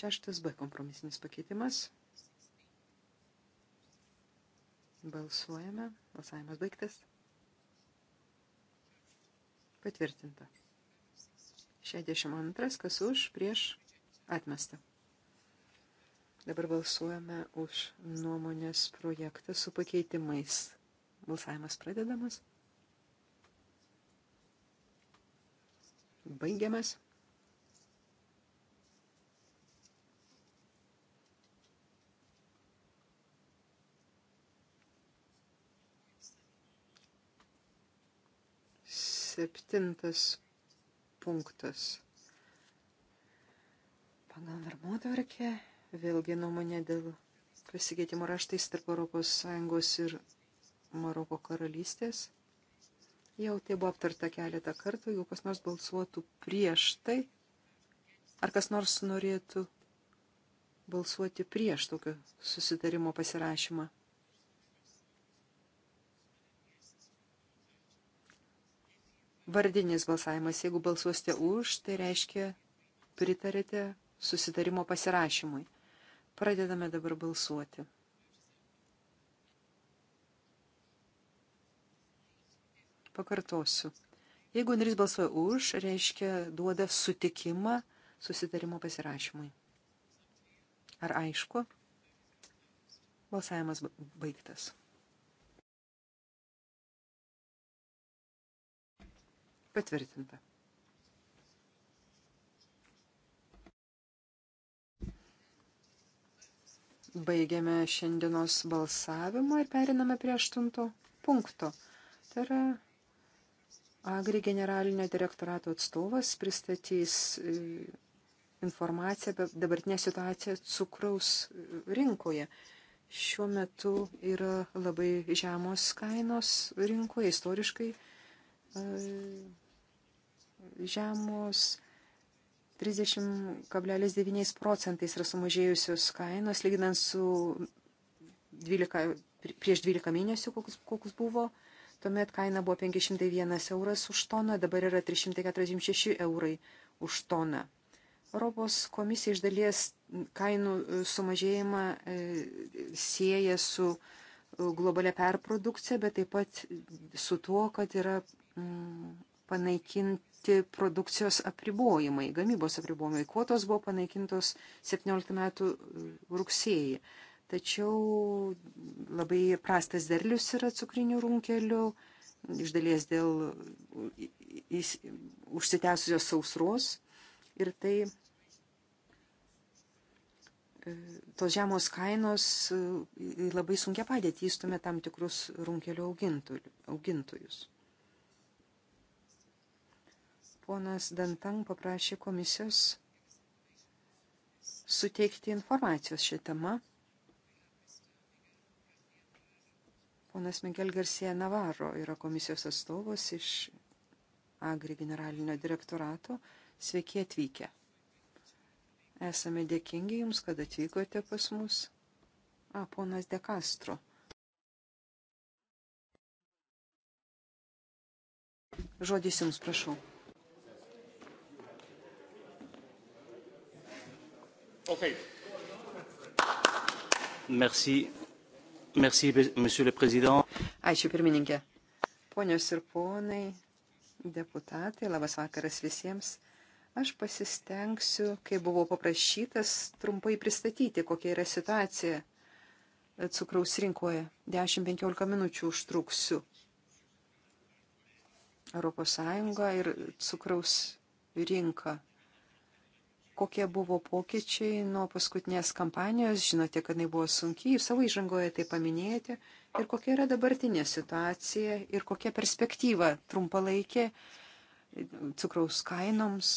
Šeštas B kompromisinis pakeitimas. Balsuojame. Balsavimas baigtas. Patvirtinta. 62. Kas už, prieš, atmesta. Dabar balsuojame už nuomonės projektą su pakeitimais. Balsavimas pradedamas. Baigiamas. Septintas punktas. Pagal darbotvarkę vėlgi nuomonė dėl pasikeitimo raštais tarp ES ir Maroko karalystės. Jau tai buvo aptarta keletą kartų, jeigu kas nors balsuotų prieš tai, ar kas nors norėtų balsuoti prieš tokio susitarimo pasirašymą. Vardinis balsavimas. Jeigu balsuosite už, tai reiškia pritarėte susitarimo pasirašymui. Pradedame dabar balsuoti. Pakartosiu. Jeigu narys balsuoja už, reiškia duoda sutikimą susitarimo pasirašymui. Ar aišku? Balsavimas baigtas. Patvirtinta. Baigiame šiandienos balsavimą ir periname prie aštunto punkto. Tai yra Agri generalinio direktorato atstovas pristatys e, informaciją apie dabartinę situaciją cukraus rinkoje. Šiuo metu yra labai žemos kainos rinkoje, istoriškai e, žemos 30,9 procentais yra sumažėjusios kainos, lyginant su 12, prieš 12 mėnesių, kokius, kokius buvo. Tuomet kaina buvo 501 euras už toną, dabar yra 346 eurai už toną. Europos komisija iš dalies kainų e, sumažėjimą e, sieja su e, globalia perprodukcija, bet taip pat su tuo, kad yra panaikinti panaikinti produkcijos apribojimai, gamybos apribojimai. Kvotos buvo panaikintos 17 metų rugsėjį. Tačiau labai prastas derlius yra cukrinių runkelių, iš dalies dėl užsitęsusios sausros. Ir tai e, tos žemos kainos e, labai sunkia padėtį įstumė tam tikrus runkelių augintojus ponas Dantang paprašė komisijos suteikti informacijos šią temą. Ponas Miguel Garcia Navarro yra komisijos atstovas iš Agri generalinio direktorato. Sveiki atvykę. Esame dėkingi Jums, kad atvykote pas mus. A, ponas De Castro. Žodis Jums, prašau. Okay. Merci. Merci, monsieur le président. Ačiū pirmininkė. Ponios ir ponai, deputatai, labas vakaras visiems. Aš pasistengsiu, kai buvau paprašytas, trumpai pristatyti, kokia yra situacija cukraus rinkoje. 10-15 minučių užtruksiu. ES ir cukraus rinka kokie buvo pokyčiai nuo paskutinės kampanijos. Žinote, kad jinai buvo sunki, jūs savo įžangoje tai paminėjote. Ir kokia yra dabartinė situacija ir kokia perspektyva trumpalaikė cukraus kainoms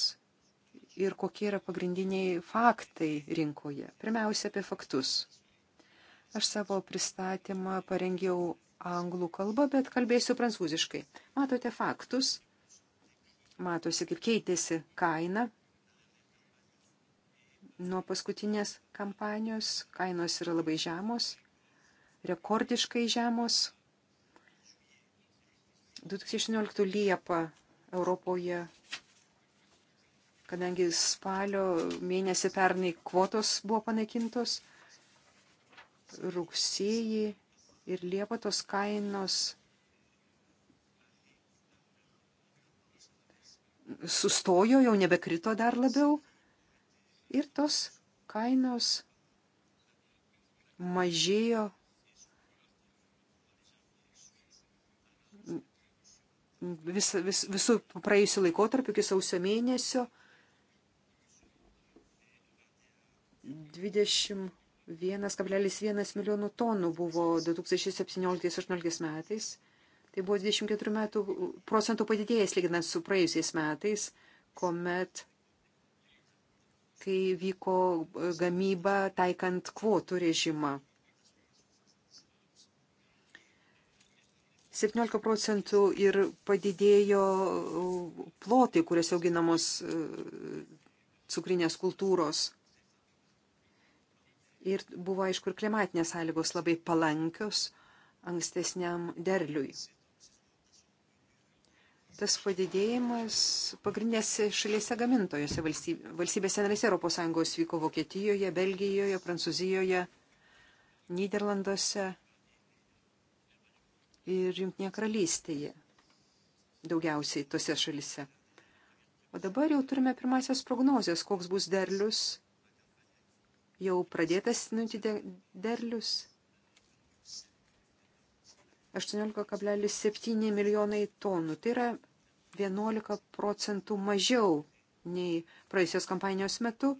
ir kokie yra pagrindiniai faktai rinkoje. Pirmiausia, apie faktus. Aš savo pristatymą parengiau anglų kalbą, bet kalbėsiu prancūziškai. Matote faktus, matosi, kaip keitėsi kaina Nuo paskutinės kampanijos kainos yra labai žemos, rekordiškai žemos. 2016 Liepa Europoje, kadangi spalio mėnesį pernai kvotos buvo panaikintos, rugsėjį ir Liepa tos kainos sustojo, jau nebekrito dar labiau ir tos kainos mažėjo vis, vis, visų praėjusių laikotarpių iki sausio mėnesio 21,1 milijonų tonų buvo 2017-2018 metais. Tai buvo 24 metų, procentų padidėjęs lyginant su praėjusiais metais, kuomet kai vyko e, gamyba taikant kvotų režimą. 17 procentų ir padidėjo e, plotai, kuriuose auginamos e, cukrinės kultūros. Ir buvo, aišku, ir klimatinės sąlygos labai palankios ankstesniam derliui tas padidėjimas pagrindinėse šalyse gamintojose valstybė, valstybėse narėse ES vyko Vokietijoje, Belgijoje, Prancūzijoje, Niderlanduose ir Junktinėje karalystėje daugiausiai tose šalise. O dabar jau turime pirmasias prognozijas, koks bus derlius, jau pradėtas nuti derlius 18,7 milijonai tonų. Tai yra 11 procentų mažiau nei praėjusios kampanijos metu.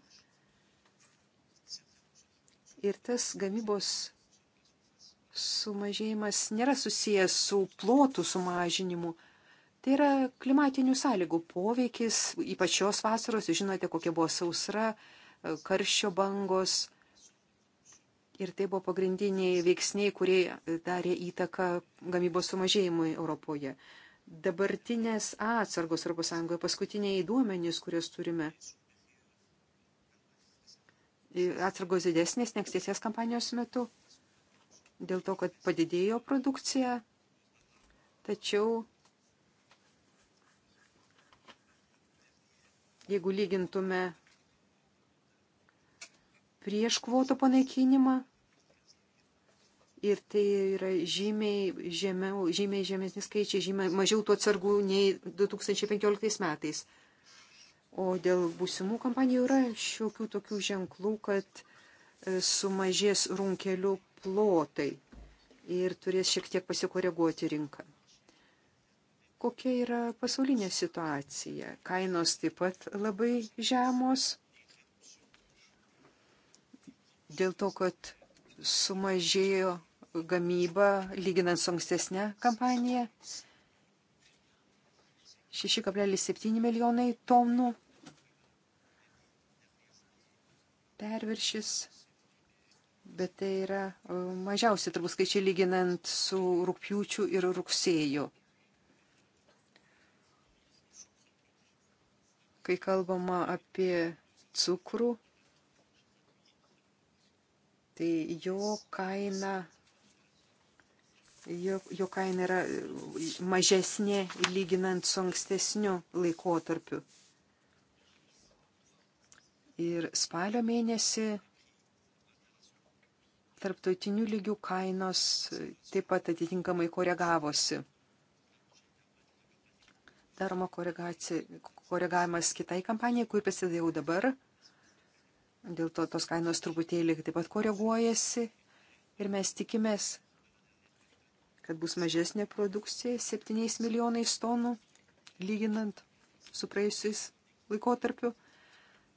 Ir tas gamybos sumažėjimas nėra susijęs su plotų sumažinimu. Tai yra klimatinių sąlygų poveikis, ypač šios vasaros, žinote, kokia buvo sausra, karščio bangos. Ir tai buvo pagrindiniai veiksniai, kurie darė įtaką gamybos sumažėjimui Europoje. Dabartinės atsargos ES paskutiniai duomenys, kuriuos turime. Atsargos didesnės nekstėsės kampanijos metu. Dėl to, kad padidėjo produkcija. Tačiau jeigu lygintume prieš kvotų panaikinimą. Ir tai yra žymiai, žemiau, žymiai žemesni skaičiai, žymiai mažiau tų atsargų nei 2015 metais. O dėl būsimų kampanijų yra šiokių tokių ženklų, kad e, sumažės runkelių plotai ir turės šiek tiek pasikoreguoti rinką. Kokia yra pasaulinė situacija? Kainos taip pat labai žemos dėl to, kad sumažėjo gamyba lyginant su ankstesnė kampanija. 6,7 milijonai tonų perviršis, bet tai yra e, mažiausi turbūt skaičiai lyginant su rūpjūčiu ir rugsėju. Kai kalbama apie cukrų, Tai jo kaina, jo, jo kaina yra e, mažesnė lyginant su ankstesniu laikotarpiu. Ir spalio mėnesį tarptautinių lygių kainos taip pat atitinkamai koregavosi. Daroma koregavimas kitai kampanijai, kur prasideda jau dabar. Dėl to tos kainos truputėlį taip pat koreguojasi ir mes tikimės, kad bus mažesnė produkcija 7 milijonais tonų, lyginant su praėjusiais laikotarpiu,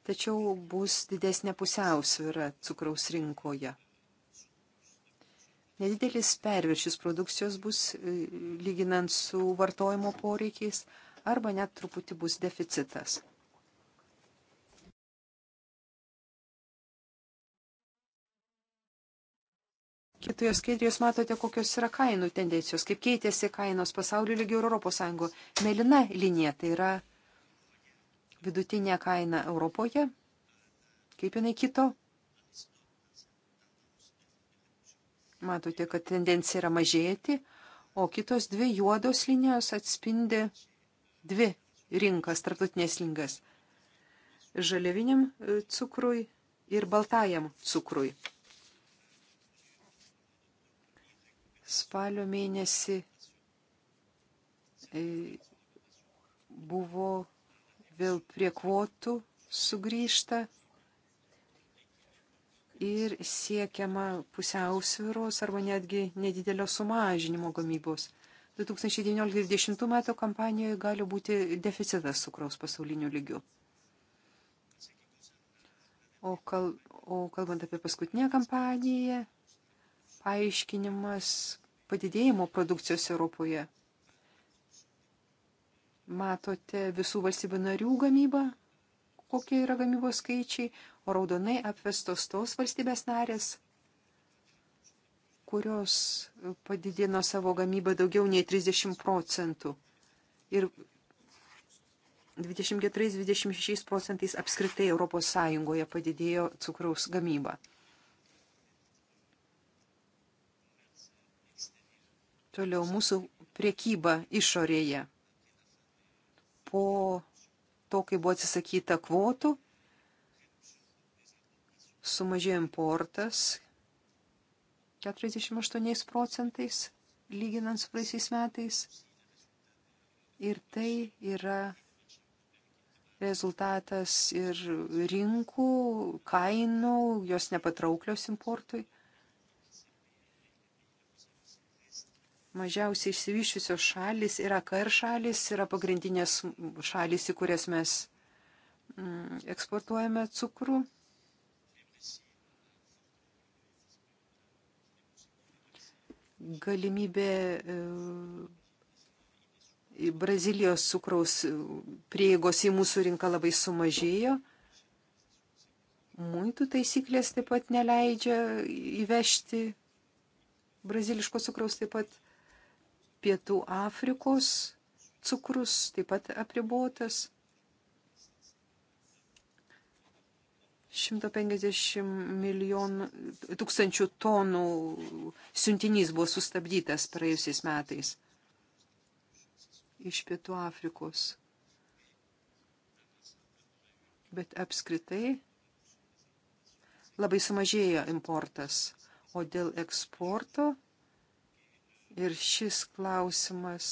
tačiau bus didesnė pusiausvyrą cukraus rinkoje. Nedidelis perviršis produkcijos bus e, lyginant su vartojimo poreikiais arba net truputį bus deficitas. Kitoje skaidrėje jūs matote, kokios yra kainų tendencijos, kaip keitėsi kainos pasaulio lygių ir Europos Sąjungo. Melina linija tai yra vidutinė kaina Europoje, kaip jinai kito. Matote, kad tendencija yra mažėti, o kitos dvi juodos linijos atspindi dvi rinkas, tarptautinės linkas - žaliaviniam e, cukrui ir baltajam cukrui. Spalio mėnesį e, buvo vėl prie kvotų sugrįžta ir siekiama pusiausviros arba netgi nedidelio sumažinimo gamybos. 2019-2020 metų kampanijoje gali būti deficitas cukraus pasauliniu lygiu. O, kal, o kalbant apie paskutinę kampaniją, paaiškinimas padidėjimo produkcijos Europoje. Matote visų valstybių narių gamybą, kokie yra gamybos skaičiai, o raudonai apvestos tos valstybės narės, kurios padidino savo gamybą daugiau nei 30 procentų ir 24-26 procentais apskritai ES padidėjo cukraus gamyba. Toliau mūsų priekyba išorėje. Po to, kai buvo atsisakyta kvotų, sumažėjo importas 48 procentais lyginant su praeisiais metais. Ir tai yra rezultatas ir rinkų, kainų, jos nepatrauklios importui. mažiausiai išsivyščiusios šalis ir AKR šalis yra pagrindinės šalis, į kurias mes mm, eksportuojame cukrų. Galimybė e, Brazilijos cukraus prieigos į mūsų rinką labai sumažėjo. Muitų taisyklės taip pat neleidžia įvežti braziliško cukraus taip pat Pietų Afrikos cukrus taip pat apribotas. 150 milijonų tūkstančių tonų siuntinys buvo sustabdytas praėjusiais metais iš Pietų Afrikos. Bet apskritai labai sumažėjo importas, o dėl eksporto Ir šis klausimas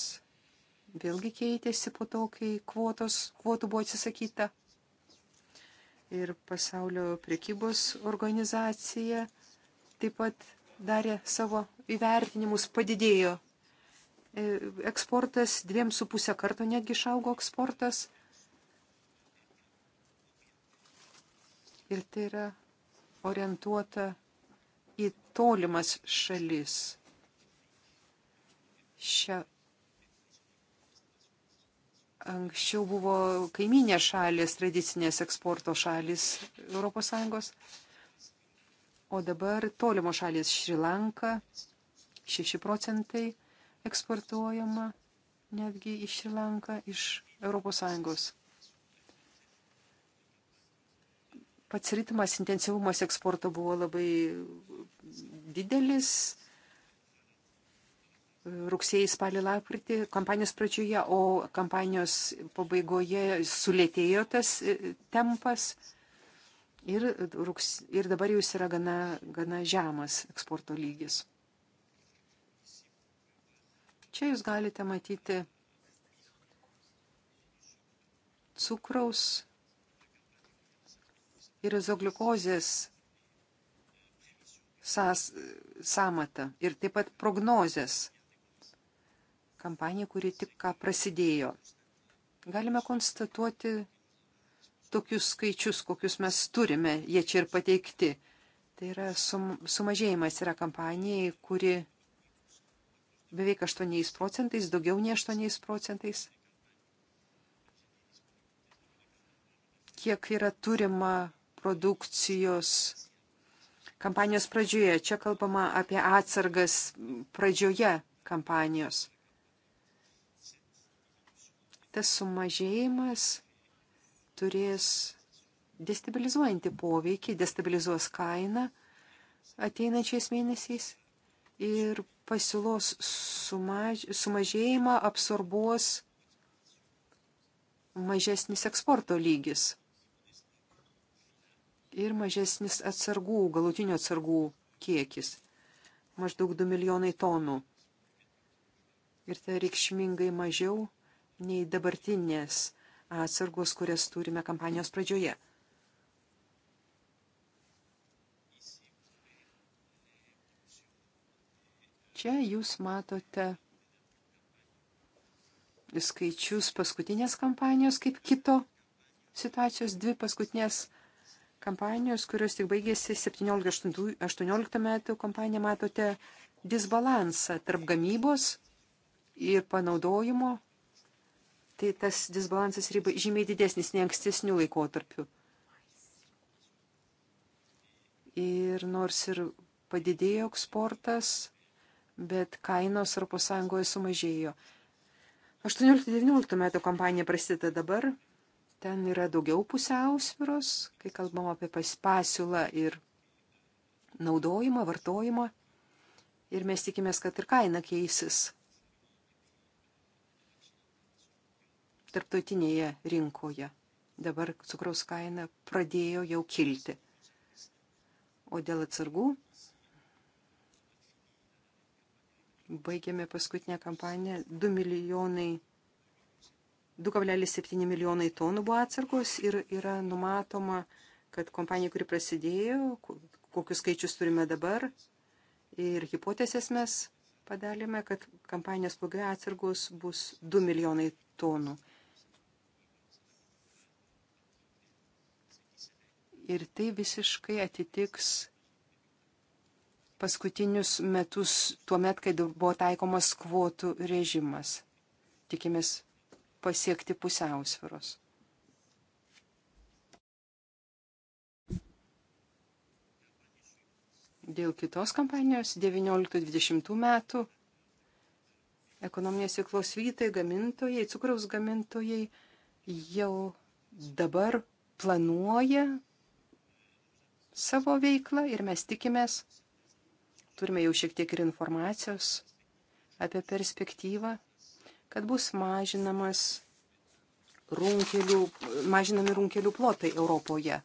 vėlgi keitėsi po to, kai kvotos, kvotų buvo atsisakyta. Ir pasaulio priekybos organizacija taip pat darė savo įvertinimus, padidėjo e, eksportas, dviem su pusę karto netgi išaugo eksportas. Ir tai yra orientuota į tolimas šalis Šia... Anksčiau buvo kaiminė šalis, tradicinės eksporto šalis ES, o dabar tolimo šalis Šrilanka, 6 procentai eksportuojama netgi į Šrilanką iš ES. Pats ritmas, intensyvumas eksporto buvo labai didelis, rugsėjai, spalį, lapkritį kampanijos pradžioje, o kampanijos pabaigoje sulėtėjo tas e, tempas ir, rugs, ir dabar jau jis yra gana, gana žemas eksporto lygis. Čia jūs galite matyti cukraus ir izogliukozės sąmatą ir taip pat prognozės kampanija, kuri tik ką prasidėjo. Galime konstatuoti tokius skaičius, kokius mes turime, jie čia ir pateikti. Tai yra sum, sumažėjimas yra kampanijai, kuri beveik 8 procentais, daugiau nei 8 procentais. Kiek yra turima produkcijos kampanijos pradžioje. Čia kalbama apie atsargas pradžioje kampanijos tas sumažėjimas turės destabilizuojantį poveikį, destabilizuos kainą ateinančiais mėnesiais ir pasiūlos sumaž, sumažėjimą absorbuos mažesnis eksporto lygis ir mažesnis atsargų, galutinių atsargų kiekis - maždaug 2 milijonai tonų. Ir tai reikšmingai mažiau nei dabartinės atsargos, kurias turime kampanijos pradžioje. Čia jūs matote skaičius paskutinės kampanijos kaip kito situacijos, dvi paskutinės kampanijos, kurios tik baigėsi 17-18 metų kampaniją, matote disbalansą tarp gamybos ir panaudojimo tai tas disbalansas yra žymiai didesnis nei ankstesnių laikotarpių. Ir nors ir padidėjo eksportas, bet kainos Europos Sąjungoje sumažėjo. 18-19 metų kompanija prasideda dabar, ten yra daugiau pusiausviros, kai kalbam apie pasiūlą ir naudojimą, vartojimą. Ir mes tikimės, kad ir kaina keisis. tarptautinėje rinkoje. Dabar cukraus kaina pradėjo jau kilti. O dėl atsargų baigėme paskutinę kampaniją. 2 milijonai, 2,7 milijonai tonų buvo atsargos ir yra numatoma, kad kompanija, kuri prasidėjo, kokius skaičius turime dabar ir hipotezės mes padarėme, kad kampanijos blogai atsargos bus 2 milijonai tonų. Ir tai visiškai atitiks paskutinius metus tuo met, kai buvo taikomas kvotų režimas. Tikimės pasiekti pusiausviros. Dėl kitos kampanijos 19-20 metų ekonominės veiklos vytai, gamintojai, cukraus gamintojai jau dabar planuoja savo veiklą ir mes tikimės, turime jau šiek tiek ir informacijos apie perspektyvą, kad bus mažinamas runkelių, mažinami runkelių plotai Europoje.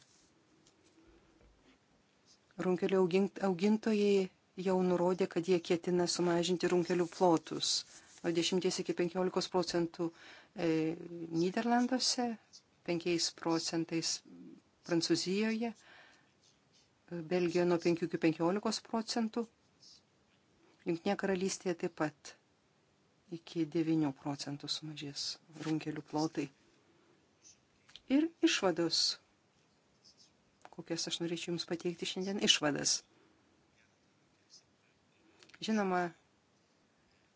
Runkelių augintojai jau nurodė, kad jie ketina sumažinti runkelių plotus nuo 10 iki 15 procentų e, Niderlanduose, 5 procentais Prancūzijoje, Belgijoje nuo 5 iki 15 procentų, Junktinė karalystėje taip pat iki 9 procentų sumažės runkelių plotai. Ir išvados, kokias aš norėčiau Jums pateikti šiandien, išvadas. Žinoma,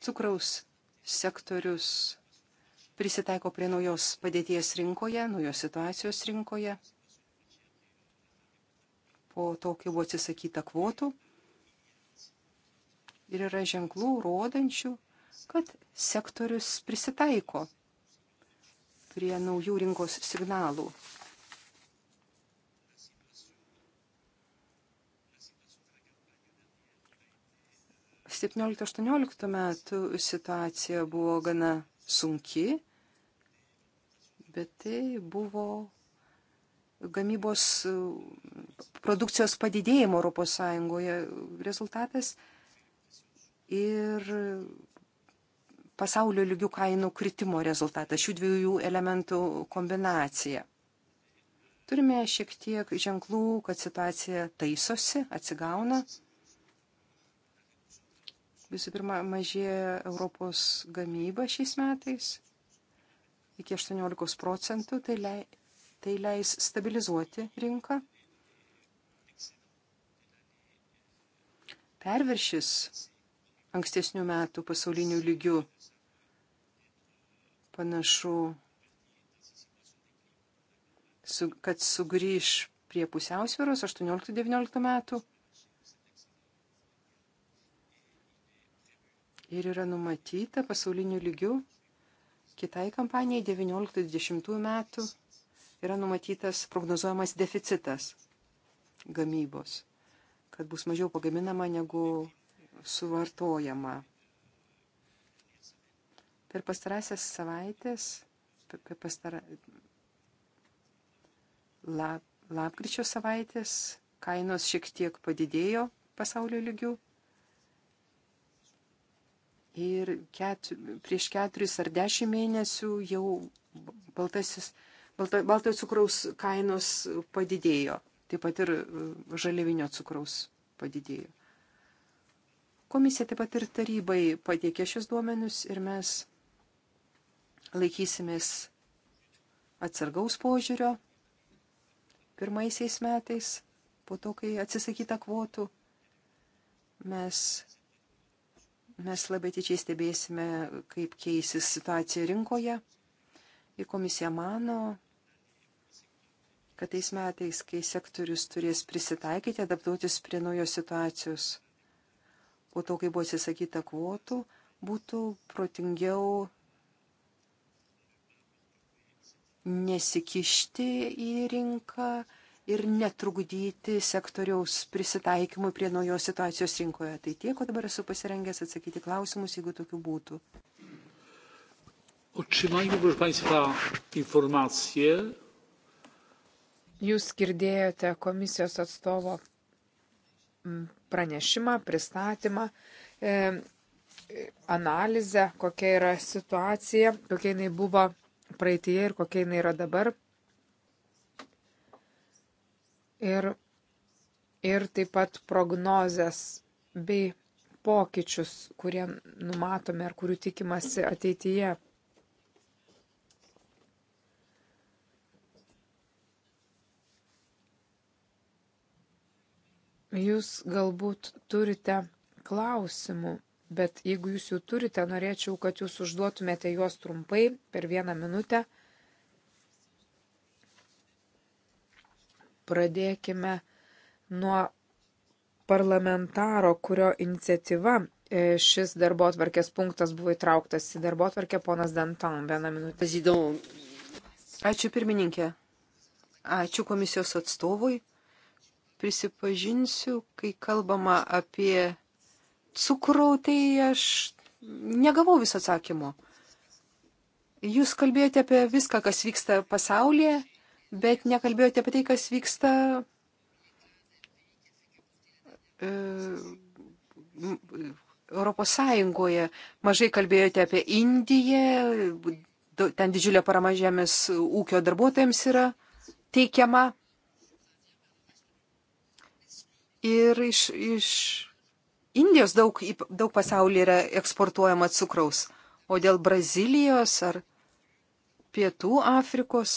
cukraus sektorius prisitaiko prie naujos padėties rinkoje, naujos situacijos rinkoje po to, kai buvo atsisakyta kvotų. Ir yra ženklų rodančių, kad sektorius prisitaiko prie naujų rinkos signalų. Septynioliktų, aštuonioliktų metų situacija buvo gana sunki, bet tai buvo gamybos produkcijos padidėjimo ES rezultatas ir pasaulio lygių kainų kritimo rezultatas, šių dviejų elementų kombinacija. Turime šiek tiek ženklų, kad situacija taisosi, atsigauna. Visų pirma, mažėja Europos gamyba šiais metais iki 18 procentų, tai Tai leis stabilizuoti rinką. Perviršis ankstesnių metų pasaulinių lygių panašu, kad sugrįž prie pusiausvėros 18-19 metų. Ir yra numatyta pasaulinių lygių kitai kampanijai 19-20 metų yra numatytas prognozuojamas deficitas gamybos, kad bus mažiau pagaminama negu suvartojama. Per pastarąsias savaitės, per pastarą lap, lapkričio savaitės kainos šiek tiek padidėjo pasaulio lygių. Ir ket, prieš keturis ar dešimt mėnesių jau baltasis Baltojo cukraus kainos padidėjo, taip pat ir e, žaliavinio cukraus padidėjo. Komisija taip pat ir tarybai pateikė šios duomenius ir mes laikysimės atsargaus požiūrio pirmaisiais metais, po to, kai atsisakyta kvotų, mes, mes labai tyčiai stebėsime, kaip keisis situacija rinkoje. Ir komisija mano, kad tais metais, kai sektorius turės prisitaikyti, adaptuotis prie naujos situacijos, po to, kai buvo atsisakyta kvotų, būtų protingiau nesikišti į rinką ir netrukdyti sektoriaus prisitaikymui prie naujos situacijos rinkoje. Tai tiek, o dabar esu pasirengęs atsakyti klausimus, jeigu tokių būtų. Otrzymajmy, proszę Państwa, informację Jūs girdėjote komisijos atstovo pranešimą, pristatymą, e, analizę, kokia yra situacija, kokia jinai buvo praeitie ir kokia jinai yra dabar. Ir, ir taip pat prognozes bei pokyčius, kurie numatomi ar kurių tikimasi ateityje. Jūs galbūt turite klausimų, bet jeigu jūs jų turite, norėčiau, kad jūs užduotumėte juos trumpai per vieną minutę. Pradėkime nuo parlamentaro, kurio iniciatyva e, šis darbo atvarkės punktas buvo įtrauktas į darbo atvarkę ponas Danton. Vieną minutę. Ačiū pirmininkė. Ačiū komisijos atstovui prisipažinsiu, kai kalbama apie cukrų, tai aš negavau visą atsakymą. Jūs kalbėjote apie viską, kas vyksta pasaulyje, bet nekalbėjote apie tai, kas vyksta e, Europos Sąjungoje. Mažai kalbėjote apie Indiją, ten didžiulė parama žemės ūkio darbuotojams yra teikiama. Ir iš, iš Indijos daug, daug pasaulyje yra eksportuojama cukraus. O dėl Brazilijos ar Pietų Afrikos.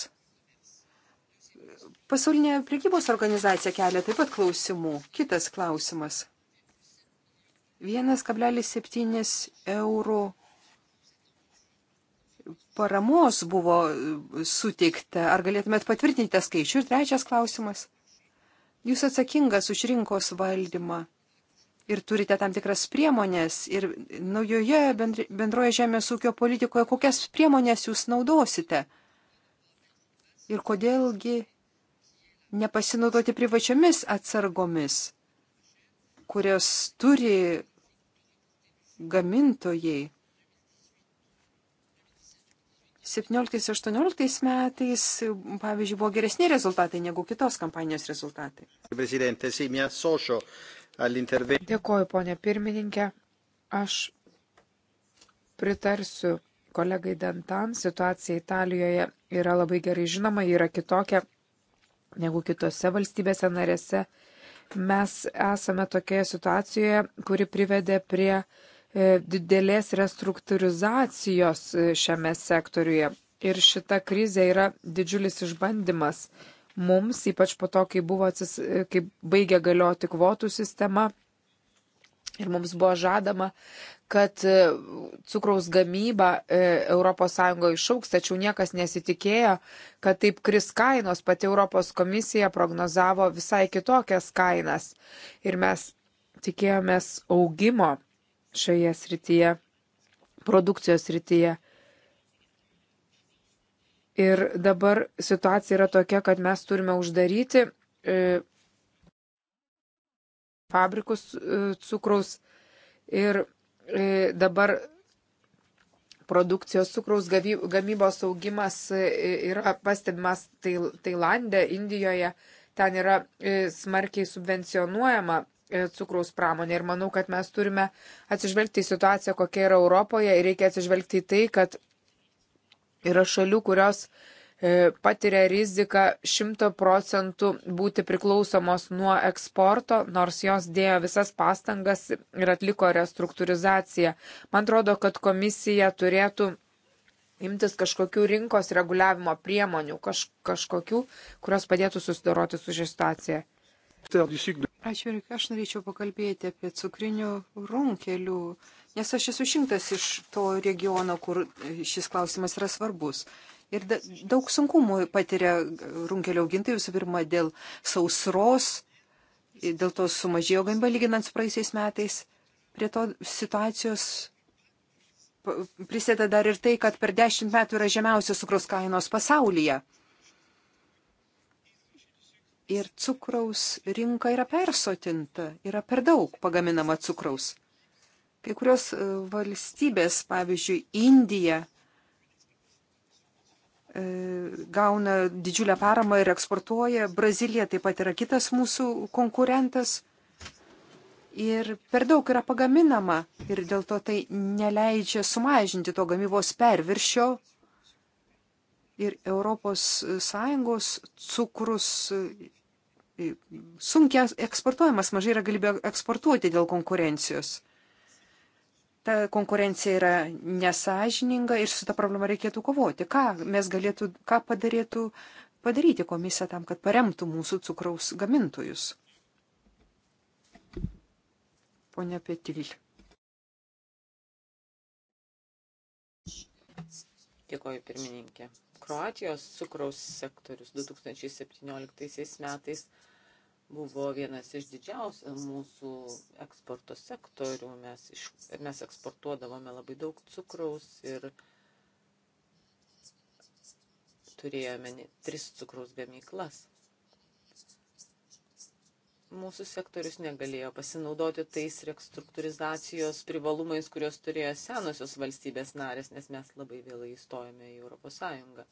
Pasaulinė prekybos organizacija kelia taip pat klausimų. Kitas klausimas. 1,7 eurų paramos buvo suteikta. Ar galėtumėt patvirtinti tą skaičių? Ir trečias klausimas. Jūs atsakingas už rinkos valdymą ir turite tam tikras priemonės ir naujoje bendroje žemės ūkio politikoje, kokias priemonės jūs naudosite ir kodėlgi nepasinaudoti privačiomis atsargomis, kurios turi gamintojai. 17-18 metais, pavyzdžiui, buvo geresni rezultatai negu kitos kampanijos rezultatai. Dėkoju, ponė pirmininkė. Aš pritarsiu kolegai Dantan. Situacija Italijoje yra labai gerai žinoma, yra kitokia negu kitose valstybėse narėse. Mes esame tokioje situacijoje, kuri privedė prie uh, E, didelės restruktūrizacijos e, šiame sektoriuje. Ir šita krizė yra didžiulis išbandymas mums, ypač po to, kai, buvo, atsis, e, kai baigė galioti kvotų sistema. Ir mums buvo žadama, kad cukraus gamyba ES išauks, tačiau niekas nesitikėjo, kad taip kris kainos. Pati Europos komisija prognozavo visai kitokias kainas. Ir mes tikėjomės augimo šioje srityje, produkcijos srityje. Ir dabar situacija yra tokia, kad mes turime uždaryti e, fabrikus e, cukraus ir e, dabar produkcijos cukraus gamybos augimas yra pastebimas Tailandė, Indijoje, ten yra smarkiai subvencionuojama E, cukraus pramonė. Ir manau, kad mes turime atsižvelgti į situaciją, kokia yra Europoje ir reikia atsižvelgti į tai, kad yra šalių, kurios e, patiria riziką 100 procentų būti priklausomos nuo eksporto, nors jos dėjo visas pastangas ir atliko restruktūrizaciją. Man atrodo, kad komisija turėtų imtis kažkokių rinkos reguliavimo priemonių, kaž, kažkokių, kurios padėtų susidoroti su ši situacija. Ačiū ir aš norėčiau pakalbėti apie cukrinių runkelių, nes aš esu šimtas iš to regiono, kur šis klausimas yra svarbus. Ir da, daug sunkumų patiria runkelio augintojai visų pirma dėl sausros, dėl to sumažėjo gamyba lyginant su praeisiais metais. Prie to situacijos prisėda dar ir tai, kad per dešimt metų yra žemiausios cukros kainos pasaulyje ir cukraus rinka yra persotinta, yra per daug pagaminama cukraus. Kai kurios e, valstybės, pavyzdžiui, Indija, e, gauna didžiulę paramą ir eksportuoja, Brazilija taip pat yra kitas mūsų konkurentas. Ir per daug yra pagaminama ir dėl to tai neleidžia sumažinti to gamybos perviršio ir ES cukrus sunkiai eksportuojamas, mažai yra galimybė eksportuoti dėl konkurencijos. Ta konkurencija yra nesažininga ir su tą problemą reikėtų kovoti. Ką mes galėtų, ką padarėtų padaryti komisija tam, kad paremtų mūsų cukraus gamintojus? Pone Petil. Dėkoju, pirmininkė. Kroatijos cukraus sektorius 2017 metais buvo vienas iš didžiausių mūsų eksporto sektorių. Mes, iš, mes eksportuodavome labai daug cukraus ir turėjome tris cukraus gamyklas. Mūsų sektorius negalėjo pasinaudoti tais rekstruktūrizacijos privalumais, kurios turėjo senosios valstybės narės, nes mes labai vėlai įstojome į Europos Sąjungą.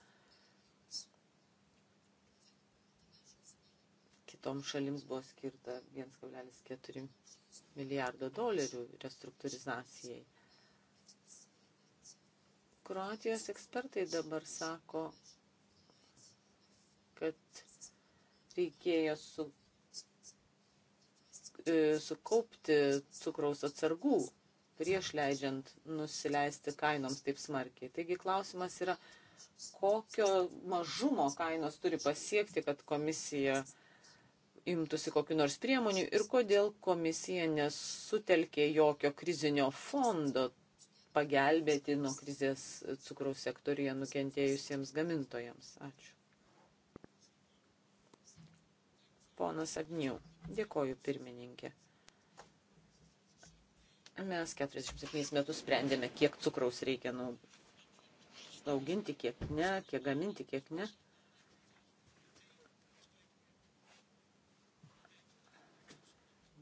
tom šalims buvo skirta 1,4 milijardo dolerių restruktūrizacijai. Kroatijos ekspertai dabar sako, kad reikėjo su, e, sukaupti cukraus atsargų prieš leidžiant nusileisti kainoms taip smarkiai. Taigi klausimas yra, kokio mažumo kainos turi pasiekti, kad komisija uh, imtųsi kokiu nors priemonių ir kodėl komisija nesutelkė jokio krizinio fondo pagelbėti nuo krizės cukraus sektorija nukentėjusiems gamintojams. Ačiū. Ponas Agniu, dėkoju pirmininkė. Mes 47 metus sprendėme, kiek cukraus reikia nu, auginti, kiek ne, kiek gaminti, kiek ne.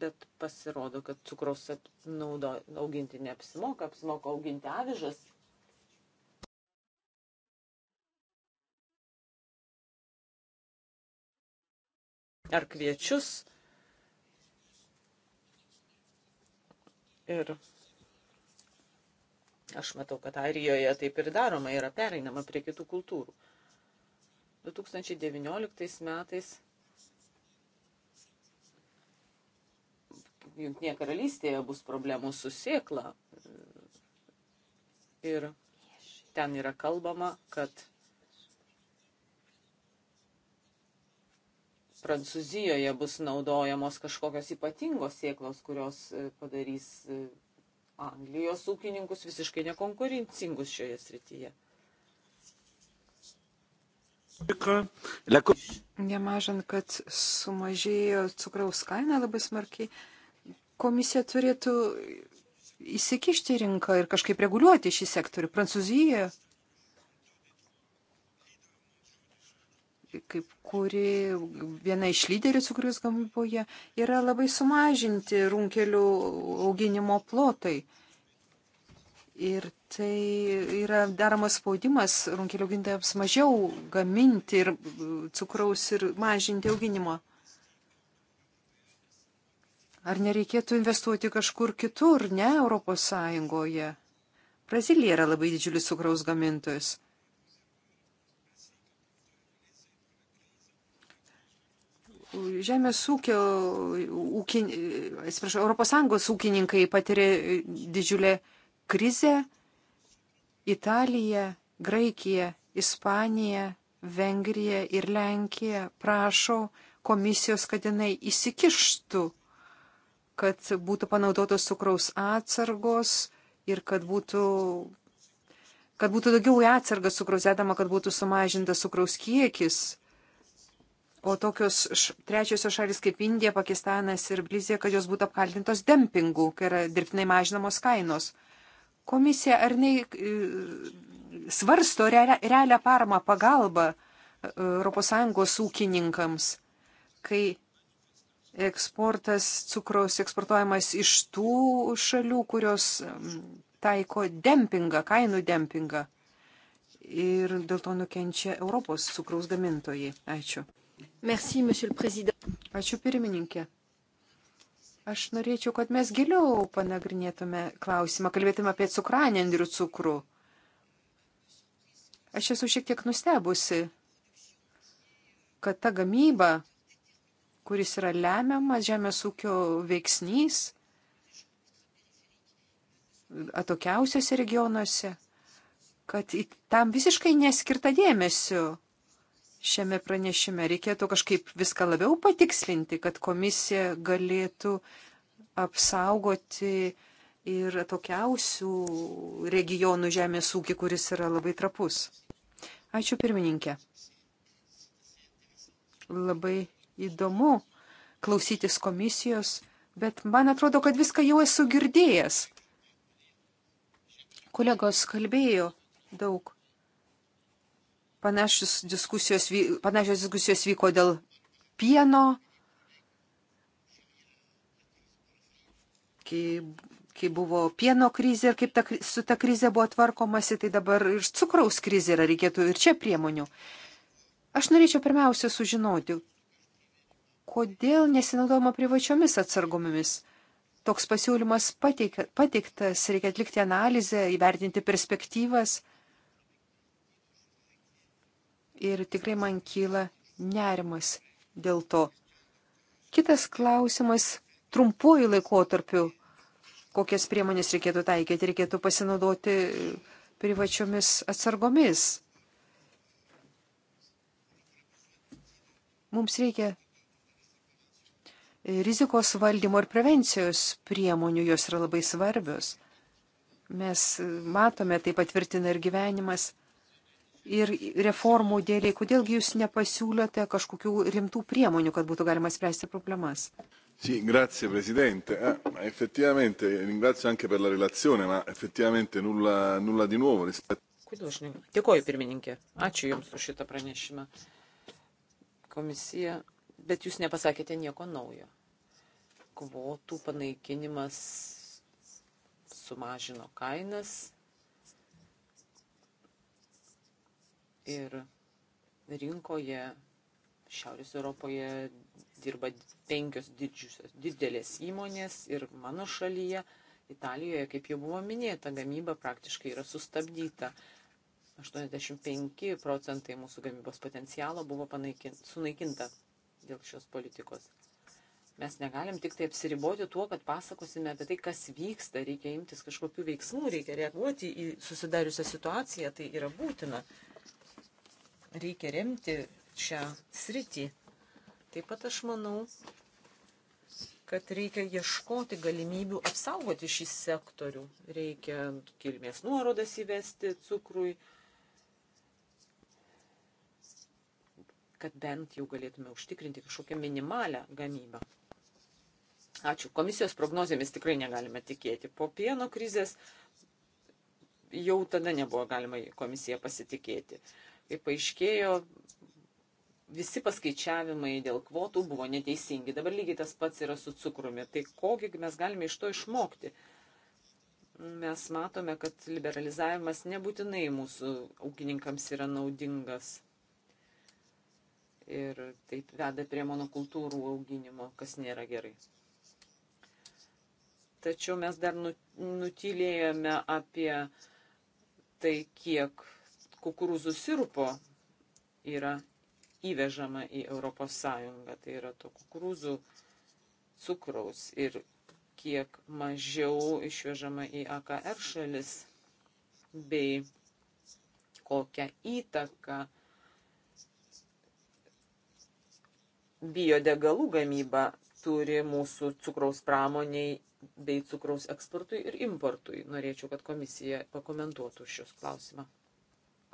bet pasirodo, kad cukraus naudo auginti neapsimoka, apsimoka auginti avižas. Ar kviečius. Ir aš matau, kad Airijoje taip ir daroma, yra pereinama prie kitų kultūrų. 2019 metais Junktinėje karalystėje bus problemų su sėkla. Ir ten yra kalbama, kad Prancūzijoje bus naudojamos kažkokios ypatingos sėklos, kurios e, padarys e, Anglijos ūkininkus visiškai nekonkurencingus šioje srityje. Nemažant, kad sumažėjo cukraus kaina labai smarkiai, komisija turėtų įsikišti rinką ir kažkaip reguliuoti šį sektorių. Prancūzija, kaip kuri viena iš lyderių cukrus gamyboje, yra labai sumažinti runkelių auginimo plotai. Ir tai yra daromas spaudimas runkelių augintojams mažiau gaminti ir cukraus ir mažinti auginimo. Ar nereikėtų investuoti kažkur kitur, ne Europos Sąjungoje? Brazilija yra labai didžiulis cukraus gamintojas. Žemės ūkio, ūkin, atsiprašau, Europos Sąjungos ūkininkai patiria didžiulę krizę. Italija, Graikija, Ispanija, Vengrija ir Lenkija prašo komisijos, kad jinai įsikištų kad būtų panaudotos cukraus atsargos ir kad būtų, kad būtų daugiau į atsargą cukraus dedama, kad būtų sumažintas cukraus kiekis. O tokios trečiosios šalis kaip Indija, Pakistanas ir Blizija, kad jos būtų apkaltintos dempingu, kai yra dirbtinai mažinamos kainos. Komisija ar nei e, svarsto realią paramą pagalbą ES ūkininkams, kai eksportas cukraus eksportuojamas iš tų šalių, kurios taiko dempingą, kainų dempingą. Ir dėl to nukenčia Europos cukraus gamintojai. Ačiū. Merci, Ačiū pirmininkė. Aš norėčiau, kad mes giliau panagrinėtume klausimą, kalbėtume apie cukranendrių cukrų. Aš esu šiek tiek nustebusi, kad ta gamyba kuris yra lemiamas žemės ūkio veiksnys atokiausiose regionuose, kad tam visiškai neskirta dėmesio šiame pranešime. Reikėtų kažkaip viską labiau patikslinti, kad komisija galėtų apsaugoti ir atokiausių regionų žemės ūkį, kuris yra labai trapus. Ačiū pirmininkė. Labai įdomu klausytis komisijos, bet man atrodo, kad viską jau esu girdėjęs. Kolegos kalbėjo daug. Panašios diskusijos, panašios diskusijos vyko dėl pieno, kai, kai buvo pieno krizė ir kaip ta, su ta krize buvo tvarkomasi, tai dabar ir cukraus krizė yra, reikėtų ir čia priemonių. Aš norėčiau pirmiausia sužinoti, kodėl nesinaudojama privačiomis atsargomis. Toks pasiūlymas pateiktas, reikia atlikti analizę, įvertinti perspektyvas. Ir tikrai man kyla nerimas dėl to. Kitas klausimas - trumpuoju laikotarpiu, kokias priemonės reikėtų taikyti, reikėtų pasinaudoti privačiomis atsargomis. Mums reikia rizikos valdymo ir prevencijos priemonių, jos yra labai svarbios. Mes e, matome, tai patvirtina ir gyvenimas, ir reformų dėliai. Kodėlgi jūs nepasiūlėte kažkokių rimtų priemonių, kad būtų galima spręsti problemas? Sì, grazie Presidente. Ah, effettivamente ringrazio anche per la relazione, ma effettivamente nulla, nulla di nuovo rispetto. Dėkoju pirmininkė. Ačiū Jums už šitą pranešimą. Komisija bet jūs nepasakėte nieko naujo. Kvotų panaikinimas sumažino kainas ir rinkoje Šiaurės Europoje dirba penkios didžiusios, didelės įmonės ir mano šalyje, Italijoje, kaip jau buvo minėta, gamyba praktiškai yra sustabdyta. 85 procentai mūsų gamybos potencialo buvo panaikin, sunaikinta dėl šios politikos. Mes negalim tik tai apsiriboti tuo, kad pasakosime apie tai, kas vyksta, reikia imtis kažkokių veiksmų, reikia reaguoti į susidariusią situaciją, tai yra būtina. Reikia remti šią sritį. Taip pat aš manau, kad reikia ieškoti galimybių apsaugoti šį sektorių. Reikia kilmės nuorodas įvesti cukrui, kad bent jau galėtume užtikrinti kažkokią minimalę gamybą. Ačiū. Komisijos prognozėmis tikrai negalime tikėti. Po pieno krizės jau tada nebuvo galima komisiją pasitikėti. Kaip paaiškėjo, visi paskaičiavimai dėl kvotų buvo neteisingi. Dabar lygiai tas pats yra su cukrumi. Tai kogi mes galime iš to išmokti? Mes matome, kad liberalizavimas nebūtinai mūsų ūkininkams yra naudingas ir taip veda prie monokultūrų auginimo, kas nėra gerai. Tačiau mes dar nu, nutylėjome apie tai, kiek kukurūzų sirupo yra įvežama į ES. Tai yra to kukurūzų cukraus ir kiek mažiau išvežama į AKR šalis bei kokią įtaką uh, biodegalų gamyba turi mūsų cukraus pramoniai bei cukraus eksportui ir importui. Norėčiau, kad komisija pakomentuotų šios klausimą.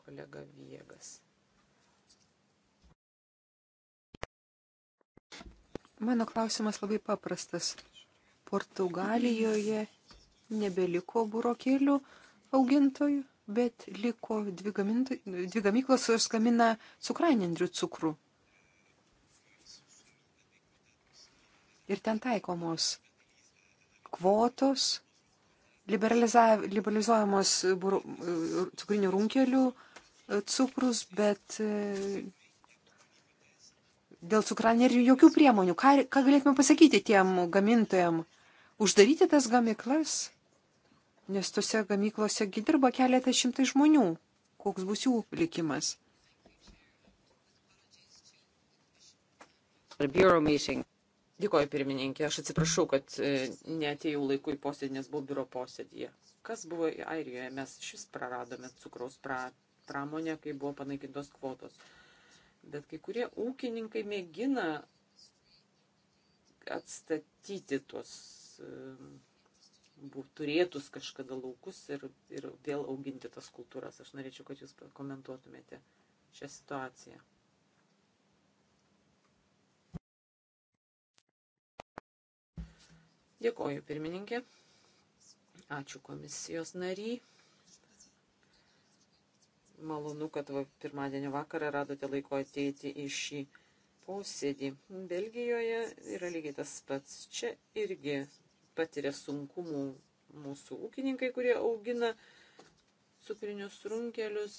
Kolega Viegas. Mano klausimas labai paprastas. Portugalijoje nebeliko burokėlių augintojų, bet liko dvi, gamintų, dvi gamyklos, kurios gamina cukranendrių cukrų. ir ten taikomos kvotos, liberalizuojamos cukrinių runkelių e, cukrus, bet e, dėl cukranerių jokių priemonių. Ką, ką galėtume pasakyti tiem gamintojam? Uždaryti tas gamyklas, nes tose gamyklose dirba keletas šimtai žmonių. Koks bus jų likimas? biuro meeting. Dėkoju, pirmininkė. Aš atsiprašau, kad e, neatėjau laiku į posėdį, nes buvau biuro posėdėje. Kas buvo Airijoje? Mes šis praradome cukraus pra, pramonę, kai buvo panaikintos kvotos. Bet kai kurie ūkininkai mėgina atstatyti tuos e, turėtus kažkada laukus ir, ir vėl auginti tas kultūras. Aš norėčiau, kad jūs komentuotumėte šią situaciją. Dėkoju, pirmininkė. Ačiū komisijos nariai. Malonu, kad va, pirmadienio vakarą radote laiko ateiti į šį posėdį. Belgijoje yra lygiai tas pats. Čia irgi patiria sunkumų mūsų ūkininkai, kurie augina cukrinius runkelius,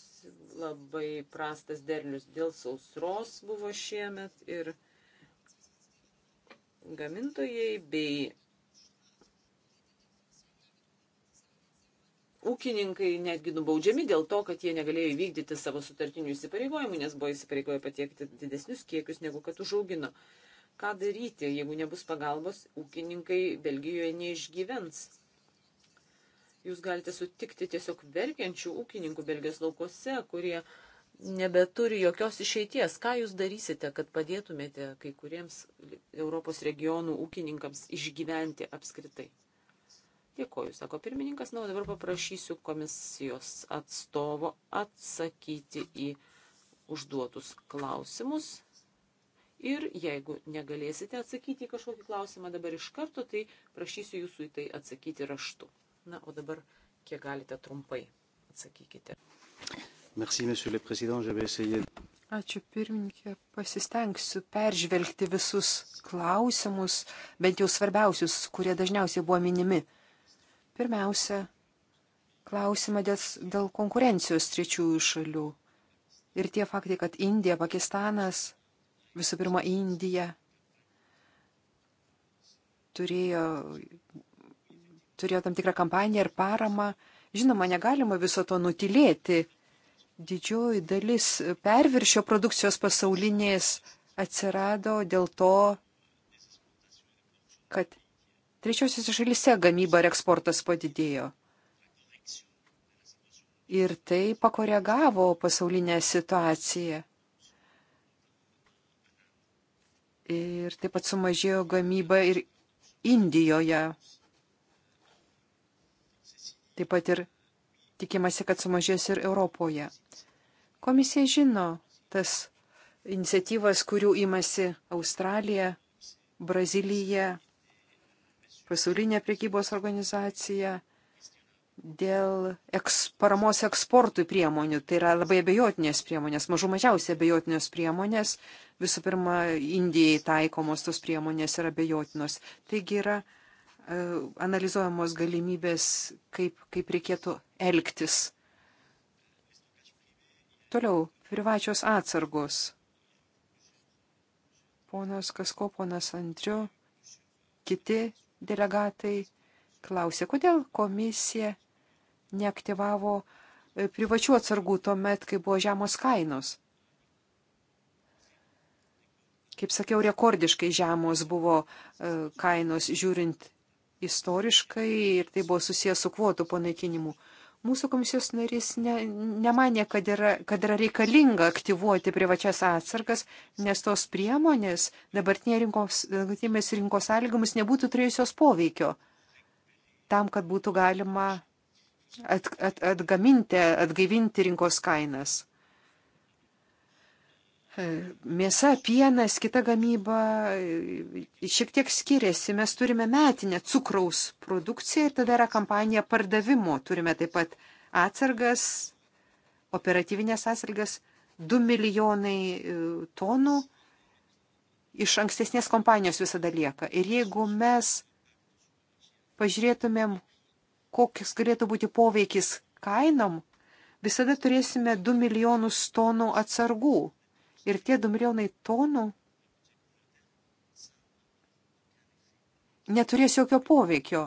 labai prastas derlius dėl sausros buvo šiemet ir gamintojai bei ūkininkai netgi nubaudžiami dėl to, kad jie negalėjo įvykdyti savo sutartinių įsipareigojimų, nes buvo įsipareigoję patiekti didesnius kiekius, negu kad užaugino. Ką daryti, jeigu nebus pagalbos, ūkininkai Belgijoje neišgyvens. Jūs galite sutikti tiesiog verkiančių ūkininkų Belgijos laukose, kurie nebeturi jokios išeities. Ką jūs darysite, kad padėtumėte kai kuriems Europos regionų ūkininkams išgyventi apskritai? Dėkoju, sako pirmininkas. Na, o dabar paprašysiu komisijos atstovo atsakyti į užduotus klausimus. Ir jeigu negalėsite atsakyti į kažkokį klausimą dabar iš karto, tai prašysiu jūsų į tai atsakyti raštu. Na, o dabar kiek galite trumpai atsakykite. Merci, monsieur le président. Je vais essayer. Ačiū pirmininkė, pasistengsiu peržvelgti visus klausimus, bent jau svarbiausius, kurie dažniausiai buvo minimi. Pirmiausia, klausimą dėl, dėl konkurencijos trečiųjų šalių. Ir tie faktai, kad Indija, Pakistanas, visų pirma, Indija turėjo, turėjo tam tikrą kampaniją ir paramą. Žinoma, negalima viso to nutilėti. Didžioji dalis perviršio produkcijos pasaulinės atsirado dėl to, kad Trečiosiuose šalyse gamyba ir eksportas padidėjo. Ir tai pakoregavo pasaulinę situaciją. Ir taip pat sumažėjo gamyba ir Indijoje. Taip pat ir tikimasi, kad sumažės ir Europoje. Komisija žino tas iniciatyvas, kurių imasi Australija, Brazilyje, pasaulinė priekybos organizacija dėl eks, paramos eksportui priemonių. Tai yra labai abejotinės priemonės, mažų mažiausiai abejotinės priemonės. Visų pirma, Indijai taikomos tos priemonės yra abejotinos. Taigi yra uh, analizuojamos galimybės, kaip, kaip reikėtų elgtis. Toliau, privačios atsargos. Ponas Kasko, ponas Andriu, kiti delegatai klausė, kodėl komisija neaktyvavo e, privačių atsargų tuo met, kai buvo žemos kainos. Kaip sakiau, rekordiškai žemos buvo e, kainos žiūrint istoriškai ir tai buvo susijęs su kvotų panaikinimu. Mūsų komisijos narys ne, nemanė, kad yra, kad yra reikalinga aktyvuoti privačias atsargas, nes tos priemonės dabartinėmis rinkos, rinkos sąlygomis nebūtų turėjusios poveikio tam, kad būtų galima at, at, atgaminti, atgaivinti rinkos kainas. Mėsa, pienas, kita gamyba šiek tiek skiriasi. Mes turime metinę cukraus produkciją ir tada yra kampanija pardavimo. Turime taip pat atsargas, operatyvinės atsargas 2 milijonai e, tonų iš ankstesnės kompanijos visada lieka. Ir jeigu mes pažiūrėtumėm, koks galėtų būti poveikis kainom, visada turėsime 2 milijonus tonų atsargų. Ir tie 2 milijonai tonų neturės jokio poveikio,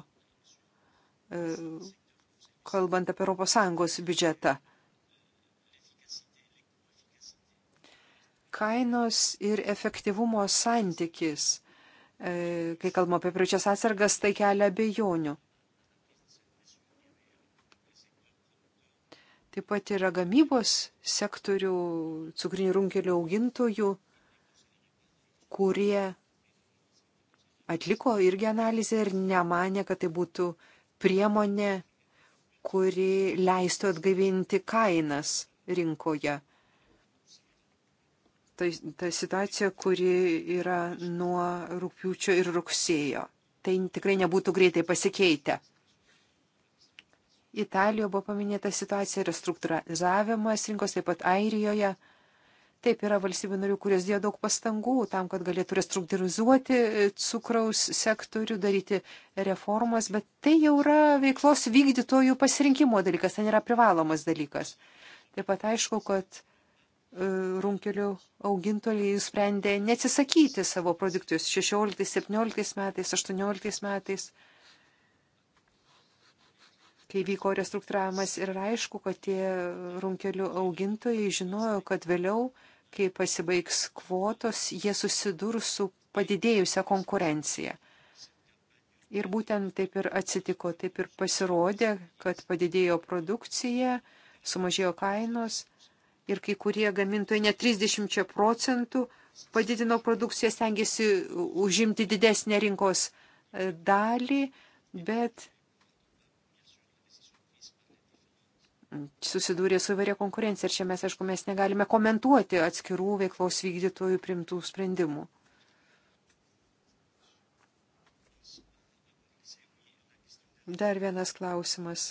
e, kalbant apie ES biudžetą. Kainos ir efektyvumo santykis, e, kai kalbame apie pričias atsargas, tai kelia abejonių. Taip pat yra gamybos sektorių, cukrinių runkelių augintojų, kurie atliko irgi analizę ir nemanė, kad tai būtų priemonė, kuri leistų atgaivinti kainas rinkoje. Tai ta situacija, kuri yra nuo rūpiučio ir rugsėjo. Tai tikrai nebūtų greitai pasikeitę. Italijoje buvo paminėta situacija ir struktūrizavimas rinkos, taip pat Airijoje. Taip yra valstybių narių, kurios dėjo daug pastangų tam, kad galėtų restruktūrizuoti e, cukraus sektorių, daryti reformas, bet tai jau yra veiklos vykdytojų pasirinkimo dalykas, ten tai yra privalomas dalykas. Taip pat aišku, kad e, runkelių augintojai sprendė neatsisakyti savo produktus 16, 17 metais, 18 metais kai vyko restruktūravimas ir aišku, kad tie runkelių augintojai žinojo, kad vėliau, kai pasibaigs kvotos, jie susidurs su padidėjusią konkurenciją. Ir būtent taip ir atsitiko, taip ir pasirodė, kad padidėjo produkcija, sumažėjo kainos ir kai kurie gamintojai net 30 procentų padidino produkciją, stengiasi užimti didesnę rinkos e, dalį, bet susidūrė su įvairia konkurencija ir čia mes, aišku, mes negalime komentuoti atskirų veiklos vykdytojų primtų sprendimų. Dar vienas klausimas.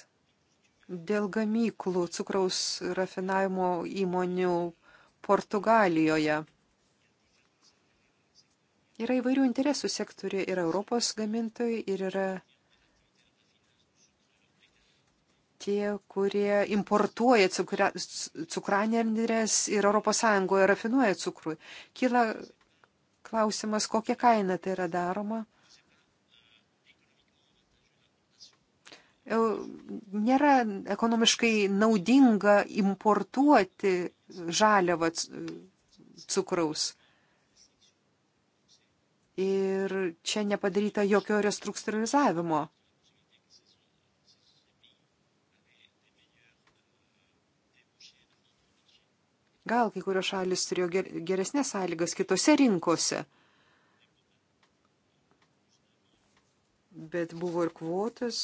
Dėl gamyklų cukraus rafinavimo įmonių Portugalijoje. Yra įvairių interesų sektorių, yra Europos gamintojai ir yra tie, kurie importuoja cukra, cukranendrės ir ES rafinuoja cukrų. Kyla klausimas, kokia kaina tai yra daroma. Nėra ekonomiškai naudinga importuoti žaliavą cukraus. Ir čia nepadaryta jokio restruktūrizavimo. Gal kai kurios šalis turėjo geresnės sąlygas kitose rinkose, bet buvo ir kvotas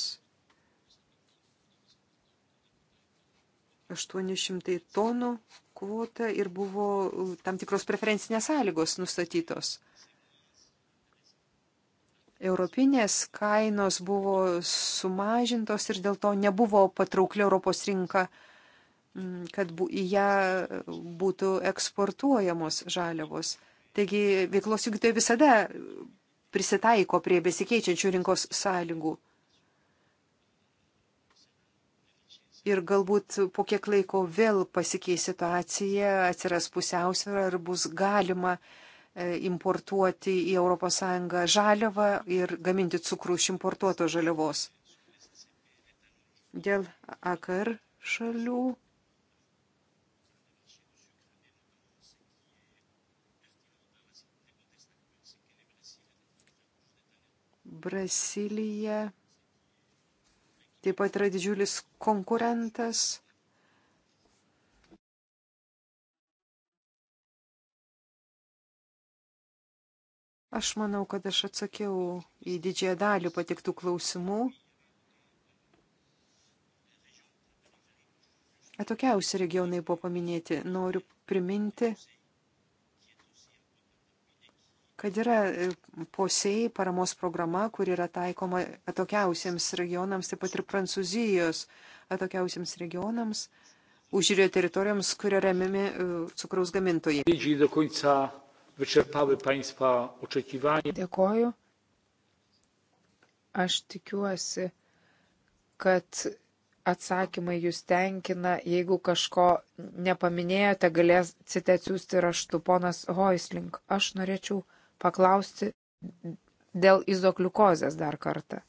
800 tonų kvota ir buvo tam tikros preferencinės sąlygos nustatytos. Europinės kainos buvo sumažintos ir dėl to nebuvo patraukli Europos rinka Mm, kad į ją e, būtų eksportuojamos žaliavos. Taigi veiklos vykdytojai visada prisitaiko prie besikeičiančių rinkos sąlygų. Ir galbūt po kiek laiko vėl pasikeis situacija, atsiras pusiausvėra ir bus galima e, importuoti į ES žaliavą ir gaminti cukrų iš importuotos žaliavos. Dėl AKR šalių Brasilija taip pat yra didžiulis konkurentas. Aš manau, kad aš atsakiau į didžiąją dalį patiktų klausimų. Atokiausi regionai buvo paminėti. Noriu priminti, kad yra e, posėjai paramos programa, kur yra taikoma atokiausiems regionams, taip pat ir Prancūzijos atokiausiems regionams, užžiūrėjo teritorijoms, kur yra remiami e, cukraus gamintojai. Dėkoju. Aš tikiuosi, kad atsakymai jūs tenkina. Jeigu kažko nepaminėjote, galėsite atsiųsti raštu. Ponas Hoisling, aš norėčiau paklausti dėl izokliukozės dar kartą.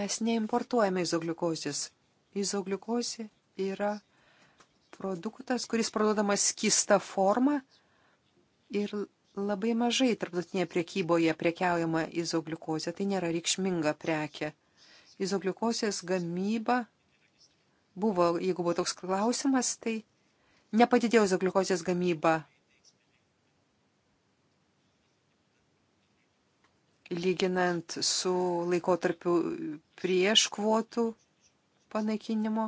Mes neimportuojame izogliukozės. Izogliukozė yra produktas, kuris parduodamas skista forma ir labai mažai tarptautinėje priekyboje prekiaujama izogliukozė. Tai nėra reikšminga prekė. Izogliukozės gamyba buvo, jeigu buvo toks klausimas, tai nepadidėjo izogliukozės gamyba. Lyginant su laikotarpiu prieš kvotų panaikinimo,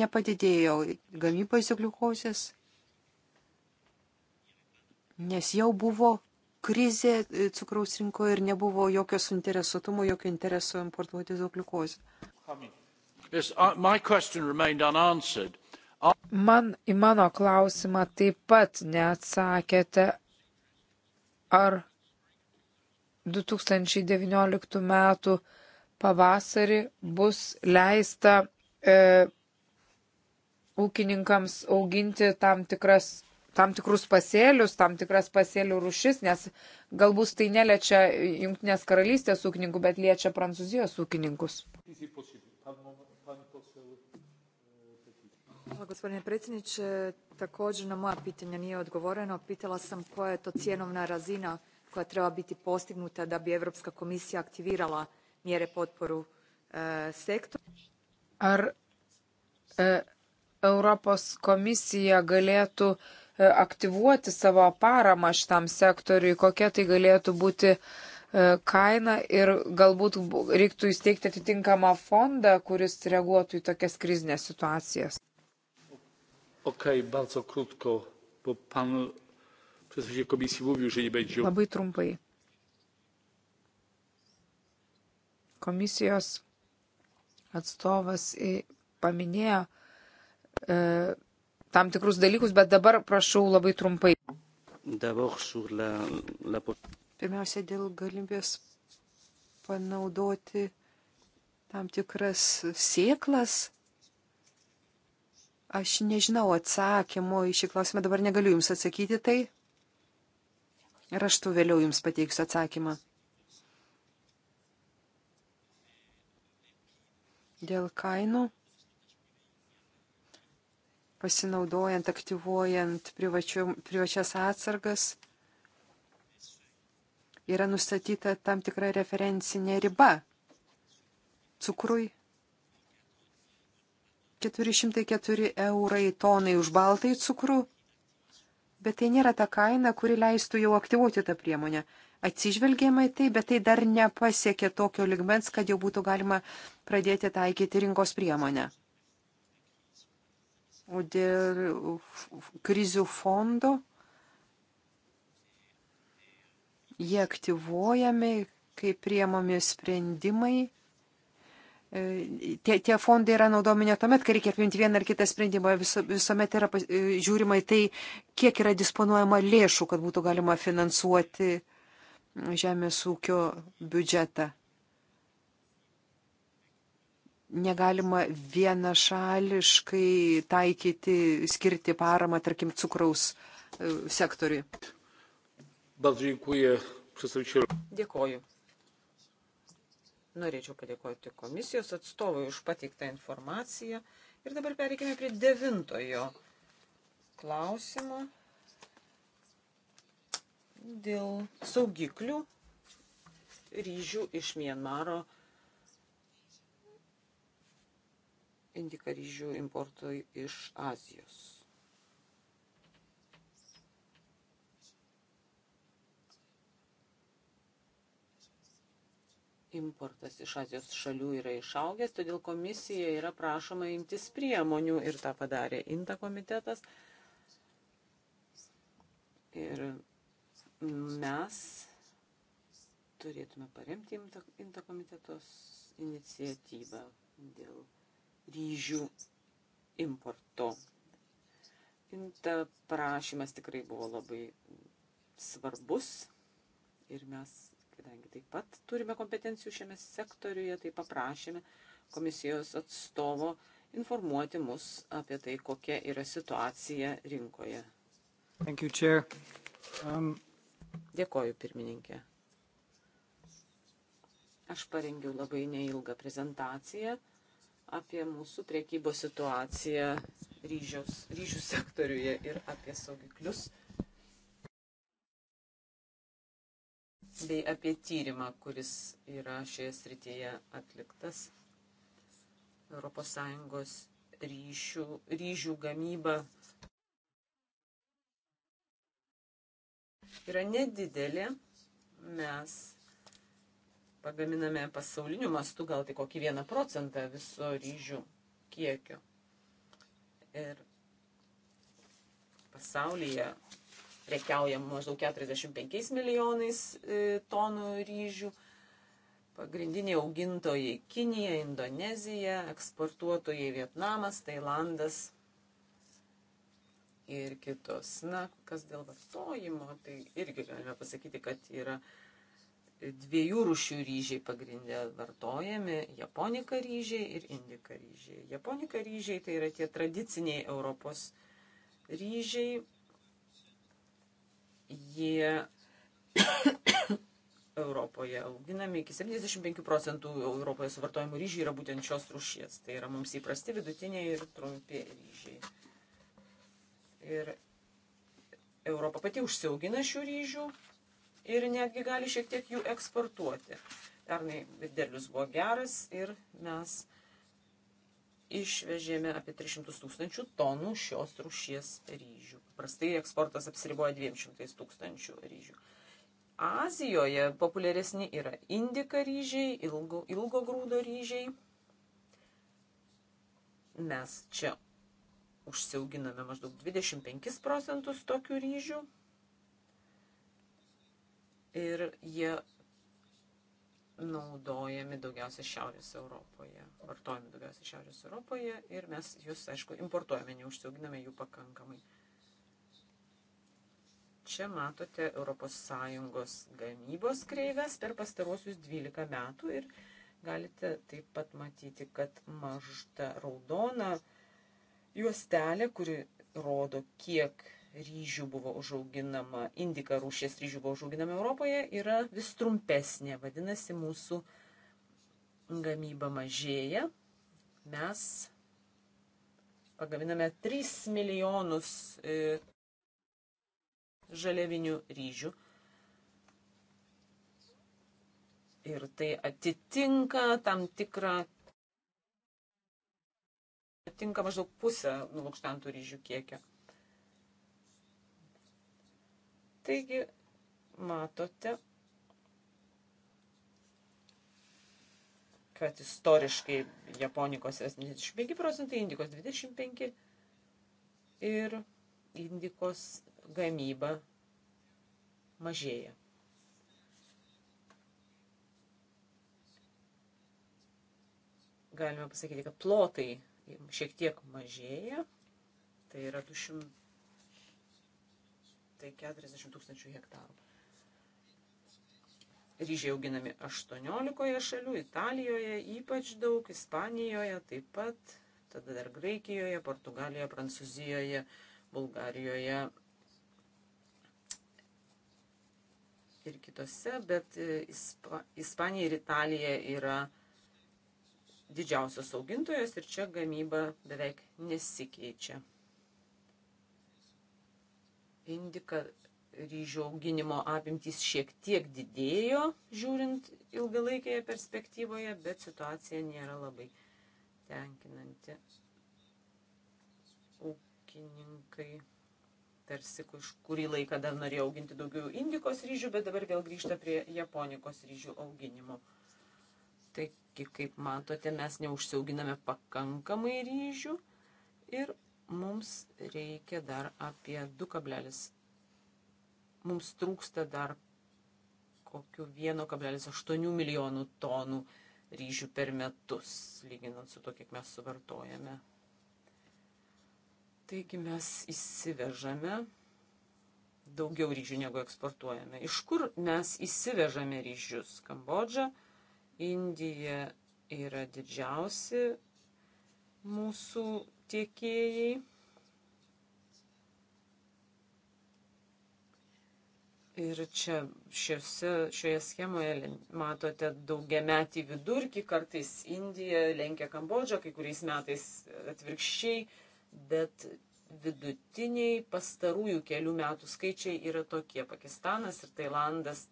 nepadidėjo gamyba izogliukozės, nes jau buvo krizė e, cukraus rinkoje ir nebuvo jokio suinteresuotumo, jokio intereso importuoti izogliukozę. Man į mano klausimą taip pat neatsakėte, ar 2019 metų pavasarį bus leista e, ūkininkams auginti tam tikras tam tikrus pasėlius, tam tikras pasėlių rušis, nes galbūt tai neliečia Junktinės karalystės ūkininkų, bet liečia Prancūzijos ūkininkus. Hvala gospodine predsjedniče. Također na moja pitanja nije odgovoreno. Pitala sam koja je to cjenovna razina koja treba biti postignuta da bi Europska komisija aktivirala mjere potporu e, sektoru. Ar e, Europos komisija galėtų e, E, aktyvuoti savo paramą šitam sektoriui, kokia tai galėtų būti e, kaina ir galbūt reiktų įsteigti atitinkamą fondą, kuris reaguotų į tokias krizinės situacijas. Okay, bardzo krótko, bo pan przedstawiciel komisji mówił, że nie będzie. Labai trumpai. Komisijos atstovas paminėjo e, tam tikrus dalykus, bet dabar prašau labai trumpai. Pirmiausia, dėl galimybės panaudoti tam tikras sėklas. Aš nežinau atsakymo į šį klausimą, dabar negaliu Jums atsakyti tai. Raštu vėliau Jums pateiksiu atsakymą. Dėl kainų pasinaudojant, aktyvuojant privačiu, privačias atsargas, yra nustatyta tam tikra referencinė riba cukrui 404 eurai tonai už baltai cukrų, bet tai nėra ta kaina, kuri leistų jau aktyvuoti tą priemonę. Atsižvelgėma į tai, bet tai dar nepasiekė tokio ligmens, kad jau būtų galima pradėti taikyti rinkos priemonę dėl krizių fondo. Jie aktyvuojami, kai priemami sprendimai. E, tie, tie fondai yra naudomi ne tuomet, kai reikia priimti vieną ar kitą sprendimą, Visu, visuomet yra e, žiūrima į tai, kiek yra disponuojama lėšų, kad būtų galima finansuoti žemės ūkio biudžetą negalima vienašališkai taikyti, skirti paramą, tarkim, cukraus e, sektoriui. Dėkoju. Norėčiau padėkoti komisijos atstovui už pateiktą informaciją. Ir dabar pereikime prie devintojo klausimo dėl saugiklių ryžių iš Mienmaro indika ryžių importui iš Azijos. Importas iš Azijos šalių yra išaugęs, todėl komisija yra prašoma imtis priemonių ir tą padarė INTA komitetas. Ir mes turėtume paremti INTA komitetos iniciatyvą dėl ryžių importo. Ta prašymas tikrai buvo labai svarbus ir mes, kadangi taip pat turime kompetencijų šiame sektoriuje, tai paprašėme komisijos atstovo informuoti mus apie tai, kokia yra situacija rinkoje. Thank you, Chair. Um... Dėkoju, pirmininkė. Aš parengiau labai neilgą prezentaciją apie mūsų priekybos situaciją ryžiaus, ryžių sektoriuje ir apie saugiklius bei apie tyrimą, kuris yra šioje srityje atliktas. ES ryšių, ryžių gamyba yra nedidelė. Mes pagaminame pasauliniu mastu gal tik kokį vieną procentą viso ryžių kiekio. Ir pasaulyje prekiaujam maždaug 45 milijonais e, tonų ryžių. Pagrindiniai augintojai - Kinija, Indonezija, eksportuotojai - Vietnamas, Tailandas ir kitos. Na, kas dėl vartojimo, tai irgi galime pasakyti, kad yra uh, dviejų rušių ryžiai pagrindė vartojami - japonika ryžiai ir indika ryžiai. Japonika ryžiai tai yra tie tradiciniai Europos ryžiai. Jie Europoje auginami iki 75 procentų Europoje suvartojimų ryžiai yra būtent šios rušies. Tai yra mums įprasti vidutiniai ir trumpi ryžiai. Ir Europa pati užsiaugina šių ryžių ir netgi gali šiek tiek jų eksportuoti. Pernai derlius buvo geras ir mes išvežėme apie 300 tūkstančių tonų šios rūšies ryžių. Prastai eksportas apsiriboja 200 tūkstančių ryžių. Azijoje populiaresni yra indika ryžiai, ilgo, ilgo grūdo ryžiai. Mes čia užsiauginame maždaug 25 procentus tokių ryžių ir jie naudojami daugiausia Šiaurės Europoje, vartojami daugiausia Šiaurės Europoje ir mes jūs, aišku, importuojame, neužsiauginame jų pakankamai. Čia matote ES gamybos kreivės per pastaruosius 12 metų ir galite taip pat matyti, kad mažta raudona juostelė, kuri rodo, kiek ryžių buvo užauginama, indika rūšės ryžių buvo užauginama Europoje, yra vis trumpesnė. Vadinasi, mūsų gamyba mažėja. Mes pagaminame 3 milijonus e, žaliavinių ryžių. Ir tai atitinka tam tikrą tinka maždaug pusę nulukštantų ryžių kiekio. Taigi, matote, kad istoriškai japonikos yra 75 procentai, indikos 25 ir indikos gamyba mažėja. Galime pasakyti, kad plotai šiek tiek mažėja, tai yra 200 tai 40 tūkstančių hektarų. Ryžiai auginami 18 šalių, Italijoje ypač daug, Ispanijoje taip pat, tada dar Graikijoje, Portugalijoje, Prancūzijoje, Bulgarijoje ir kitose, bet e, Ispa, Ispanija ir Italija yra didžiausios augintojos ir čia gamyba beveik nesikeičia indika ryžių auginimo apimtys šiek tiek didėjo, žiūrint ilgalaikėje perspektyvoje, bet situacija nėra labai tenkinanti. Ūkininkai tarsi už kurį laiką dar norėjo auginti daugiau indikos ryžių, bet dabar vėl grįžta prie japonikos ryžių auginimo. Taigi, kaip matote, mes neužsiauginame pakankamai ryžių ir mums reikia dar apie 2 kablelis. Mums trūksta dar kokiu 1,8 milijonų tonų ryžių per metus, lyginant su to, kiek mes suvartojame. Taigi mes įsivežame daugiau ryžių negu eksportuojame. Iš kur mes įsivežame ryžius? Kambodža, Indija yra didžiausi mūsų tiekėjai. Ir čia šiose, šioje schemoje matote daugiametį vidurkį, kartais Indija lenkia Kambodžą, kai kuriais metais atvirkščiai, bet vidutiniai pastarųjų kelių metų skaičiai yra tokie. Pakistanas ir Tailandas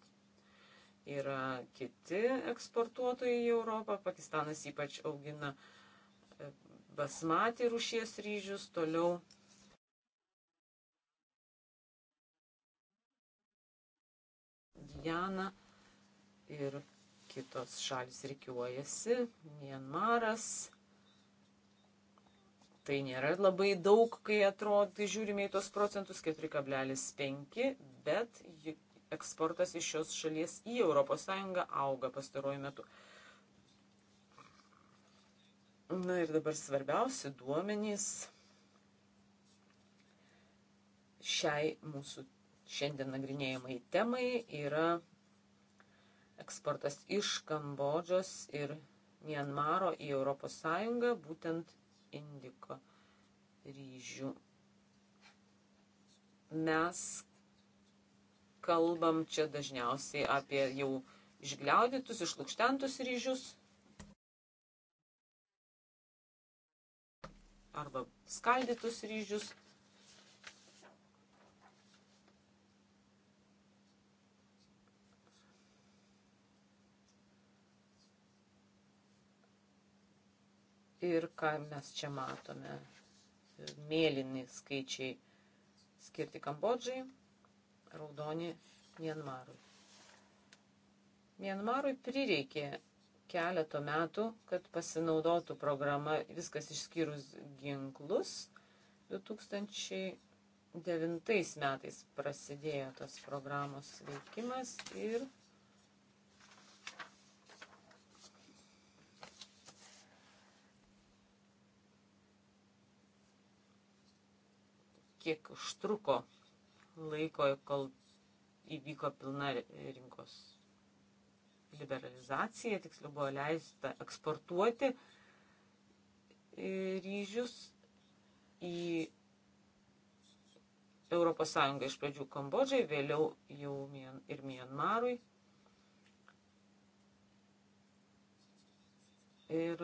yra kiti eksportuotojai į Europą, Pakistanas ypač augina uh, basmati rušies ryžius, toliau Diana ir kitos šalis reikiuojasi, Mienmaras. Tai nėra labai daug, kai atrodo, kai žiūrime į tos procentus 4,5, bet eksportas iš šios šalies į ES auga pastaruoju metu. Na ir dabar svarbiausi duomenys šiai mūsų šiandien nagrinėjimai temai yra eksportas iš Kambodžos ir Mianmaro į ES, būtent indiko ryžių. Mes kalbam čia dažniausiai apie jau išgliaudytus, išlūkštentus ryžius, arba skaldytus ryžius. Ir ką mes čia matome, mėlyni skaičiai skirti Kambodžai, raudoni Mienmarui. Mienmarui prireikė keleto metų, kad pasinaudotų programa viskas išskyrus ginklus. 2009 metais prasidėjo tos programos veikimas ir kiek užtruko laiko, kol įvyko pilna rinkos liberalizacija, tiksliau buvo leista eksportuoti ryžius į ES iš pradžių Kambodžai, vėliau jau ir Mianmarui. Ir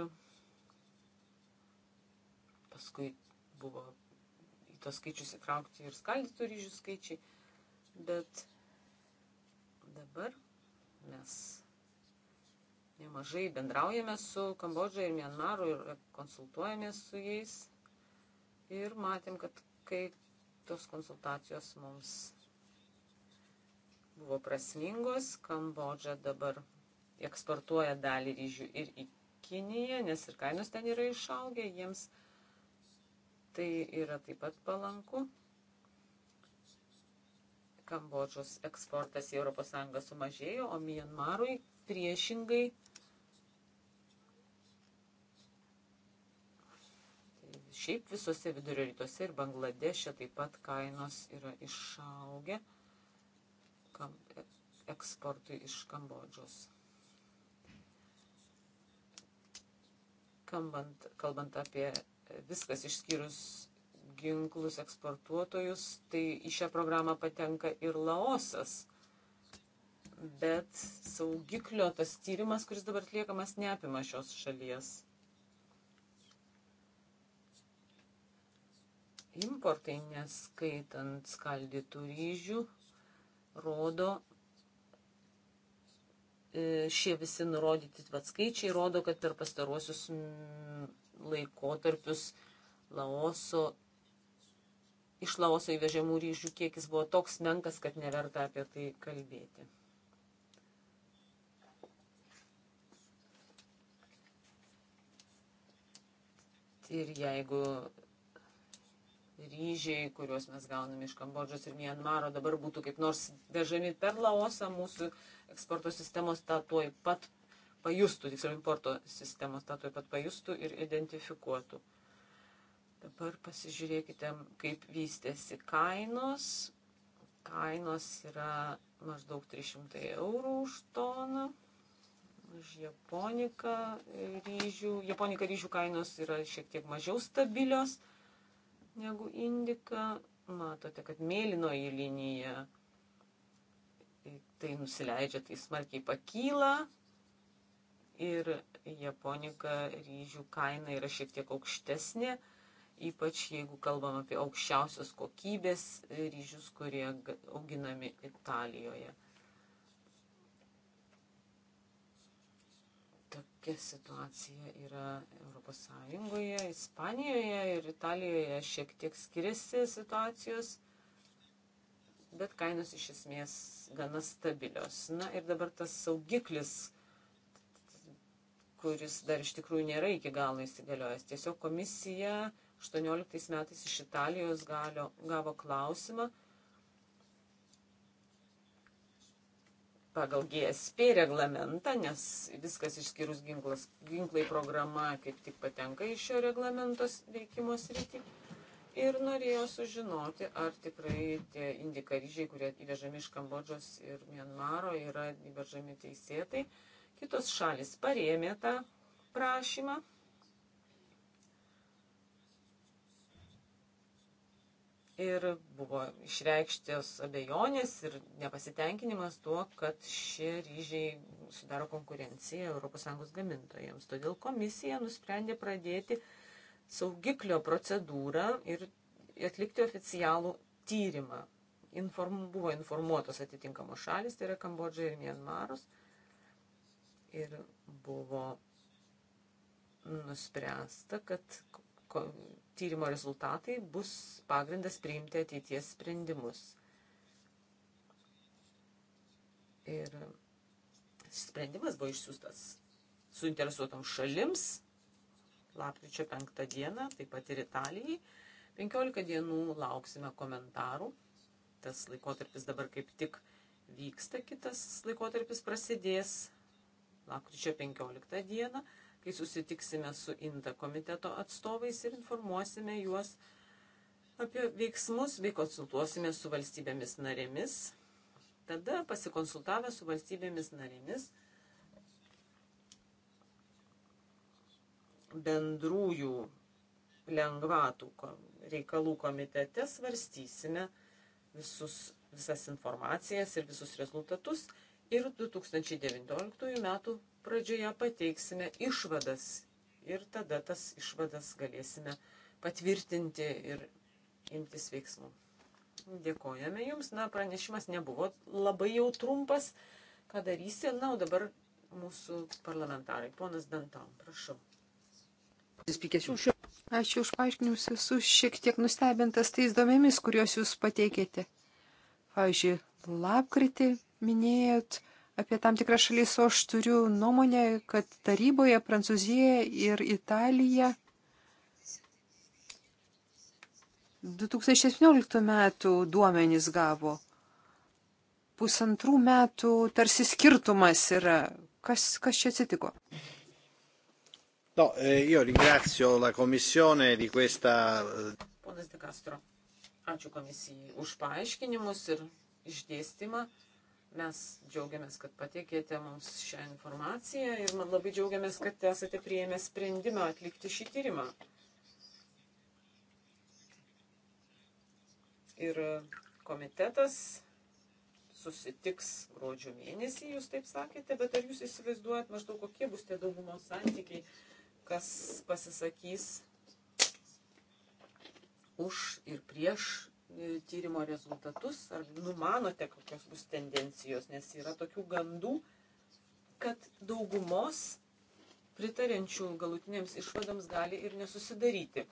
paskui buvo į tos skaičius įtraukti ir skaldytų ryžių skaičiai, bet dabar mes nemažai bendraujame su Kambodža ir Mianmaru ir konsultuojamės su jais. Ir matėm, kad kai tos konsultacijos mums buvo prasmingos, Kambodža dabar eksportuoja dalį ryžių ir į Kiniją, nes ir kainos ten yra išaugę, jiems tai yra taip pat palanku. Kambodžos eksportas į ES sumažėjo, o Mianmarui priešingai Šiaip visose vidurio rytuose ir Bangladeše taip pat kainos yra išaugę kam, e, eksportui iš Kambodžos. Kambant, kalbant apie e, viskas išskyrus ginklus eksportuotojus, tai į šią programą patenka ir Laosas. Bet saugiklio tas tyrimas, kuris dabar atliekamas, neapima šios šalies. Importai, neskaitant skaldytų ryžių, rodo, e, šie visi nurodyti atskaičiai rodo, kad per pastaruosius mm, laikotarpius Laoso, iš Laoso įvežamų ryžių kiekis buvo toks menkas, kad neverta apie tai kalbėti. Ir jeigu ryžiai, kuriuos mes gauname iš Kambodžos ir Mianmaro, dabar būtų kaip nors vežami per Laosą, mūsų eksporto sistemos tą tuoj pat pajustų, tiksliau importo sistemos tą tuoj pat pajustų ir identifikuotų. Dabar pasižiūrėkite, kaip vystėsi kainos. Kainos yra maždaug 300 eurų už toną už Japoniką ryžių. Japonika ryžių kainos yra šiek tiek mažiau stabilios negu indika. Matote, kad mėlynoji linija e, tai nusileidžia, tai smarkiai pakyla. Ir japonika ryžių kaina yra šiek tiek aukštesnė, ypač jeigu kalbam apie aukščiausios kokybės ryžius, kurie auginami Italijoje. kokia situacija yra ES, Ispanijoje ir Italijoje šiek tiek skiriasi situacijos, bet kainos iš esmės gana stabilios. Na ir dabar tas saugiklis, kuris dar iš tikrųjų nėra iki galo įsigaliojęs. Tiesiog komisija 18 metais iš Italijos galio, gavo klausimą, pagal GSP reglamentą, nes viskas išskyrus ginklas, ginklai programa kaip tik patenka į šio reglamentos veikimo sritį. Ir norėjo sužinoti, ar tikrai tie indikaryžiai, kurie įvežami iš Kambodžos ir Mianmaro, yra įvežami teisėtai. Kitos šalis parėmė tą prašymą ir buvo išreikštos abejonės ir nepasitenkinimas tuo, kad šie ryžiai sudaro konkurenciją ES gamintojams. Todėl komisija nusprendė pradėti saugiklio procedūrą ir atlikti oficialų tyrimą. Inform, buvo informuotos atitinkamos šalis, tai yra Kambodža ir Mienmaras. Ir buvo nuspręsta, kad tyrimo rezultatai bus pagrindas priimti ateities sprendimus. Ir sprendimas buvo išsiųstas suinteresuotoms šalims lapkričio 5 dieną, taip pat ir Italijai. 15 dienų lauksime komentarų. Tas laikotarpis dabar kaip tik vyksta, kitas laikotarpis prasidės lapkričio 15 dieną kai susitiksime su INTA komiteto atstovais ir informuosime juos apie veiksmus bei konsultuosime su valstybėmis narėmis. Tada pasikonsultavę su valstybėmis narėmis bendrųjų lengvatų reikalų komitete svarstysime visus, visas informacijas ir visus rezultatus ir 2019 metų pradžioje pateiksime išvadas ir tada tas išvadas galėsime patvirtinti ir imtis veiksmų. Dėkojame Jums. Na, pranešimas nebuvo labai jau trumpas, ką darysi. Na, o dabar mūsų parlamentarai. Ponas Dantam, prašau. Ačiū už paaiškinimus. Esu šiek tiek nustebintas tais domėmis, kuriuos Jūs pateikėte. Pavyzdžiui, lapkritį minėjot apie tam tikras šalis, o aš turiu nuomonę, kad taryboje Prancūzija ir Italija 2017 metų duomenys gavo. Pusantrų metų tarsi skirtumas yra. Kas, kas čia atsitiko? No, eh, io ringrazio la Commissione di questa. Eh, Ponas De Castro, ačiū komisijai už paaiškinimus ir išdėstymą. Mes džiaugiamės, kad patiekėte mums šią informaciją ir man labai džiaugiamės, kad esate prieėmę sprendimą atlikti šį tyrimą. Ir komitetas susitiks gruodžio mėnesį, jūs taip sakėte, bet ar jūs įsivaizduojat maždaug kokie bus tie daugumos santykiai, kas pasisakys už ir prieš E, tyrimo rezultatus, ar numanote, kokios bus tendencijos, nes yra tokių gandų, kad daugumos pritarenčių galutinėms išvadams gali ir nesusidaryti.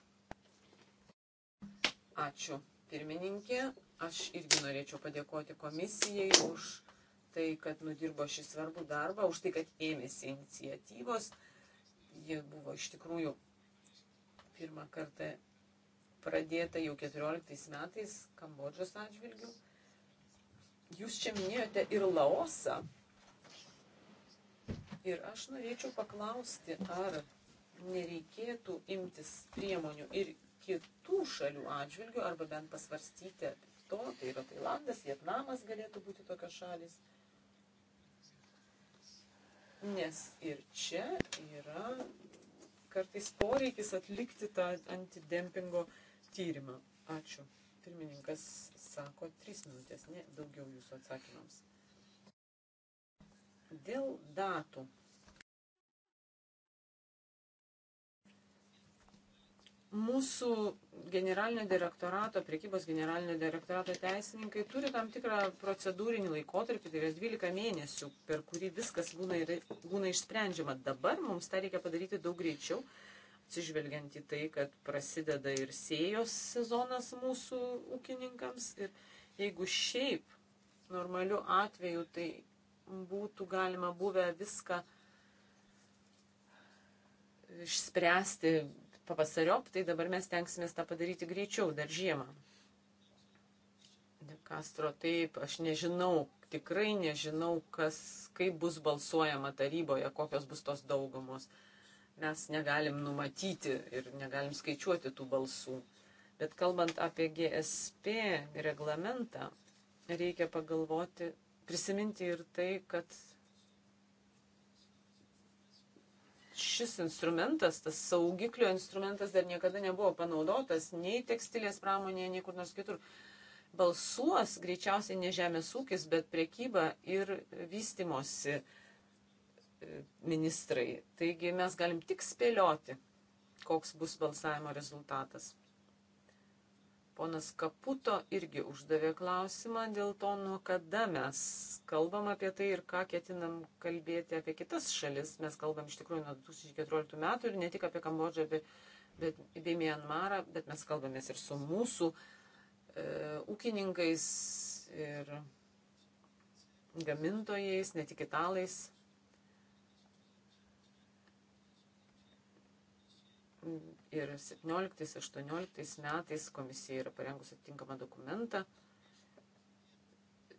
Ačiū, pirmininkė. Aš irgi norėčiau padėkoti komisijai už tai, kad nudirbo šį svarbų darbą, už tai, kad ėmėsi iniciatyvos. Jie buvo iš tikrųjų pirmą kartą pradėta jau 14 metais Kambodžos atžvilgių. Jūs čia minėjote ir Laosą. Ir aš norėčiau paklausti, ar nereikėtų imtis priemonių ir kitų šalių atžvilgių, arba bent pasvarstyti apie to, tai yra Tailandas, Vietnamas galėtų būti tokios šalis. Nes ir čia yra kartais poreikis atlikti tą antidempingo uh, tyrimą. Ačiū. Pirmininkas sako, trys minutės, ne daugiau jūsų atsakymams. Dėl datų. Mūsų generalinio direktorato, priekybos generalinio direktorato teisininkai turi tam tikrą procedūrinį laikotarpį, tai yra 12 mėnesių, per kurį viskas būna, yra, būna išsprendžiama. Dabar mums tą reikia padaryti daug greičiau, atsižvelgiant į tai, kad prasideda ir sėjos sezonas mūsų ūkininkams. Ir jeigu šiaip normaliu atveju, tai būtų galima buvę viską išspręsti pavasariop, tai dabar mes tenksimės tą padaryti greičiau, dar žiemą. De Castro, taip, aš nežinau, tikrai nežinau, kas, kaip bus balsuojama taryboje, kokios bus tos daugumos. Uh, mes negalim numatyti ir negalim skaičiuoti tų balsų. Bet kalbant apie GSP reglamentą, reikia pagalvoti, prisiminti ir tai, kad šis instrumentas, tas saugiklio instrumentas dar niekada nebuvo panaudotas nei tekstilės pramonėje, nei kur nors kitur. Balsuos greičiausiai ne žemės ūkis, bet priekyba ir vystimosi uh, ministrai. Taigi mes galim tik spėlioti, koks bus balsavimo rezultatas. Ponas Kaputo irgi uždavė klausimą dėl to, nuo kada mes kalbam apie tai ir ką ketinam kalbėti apie kitas šalis. Mes kalbam iš tikrųjų nuo 2014 metų ir ne tik apie Kambodžą, bet, bet bei Mianmarą, bet mes kalbamės ir su mūsų e, ūkininkais ir gamintojais, ne tik italais. ir 17-18 metais komisija yra parengusi atitinkamą dokumentą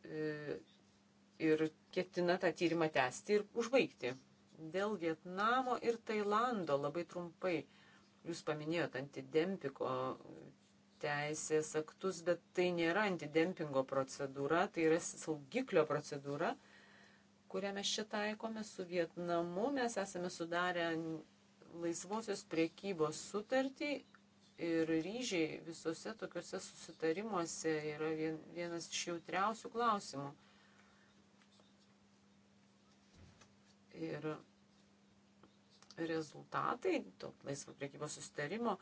e, ir ketina tą tyrimą tęsti ir užbaigti. Dėl Vietnamo ir Tailando labai trumpai jūs paminėjote antidempiko teisės aktus, bet tai nėra antidempingo procedūra, tai yra saugiklio procedūra, kurią mes čia taikome su Vietnamu. Mes esame sudarę laisvosios priekybos sutartį ir ryžiai visose tokiuose susitarimuose yra vien, vienas iš jautriausių klausimų. Ir rezultatai to laisvo priekybos susitarimo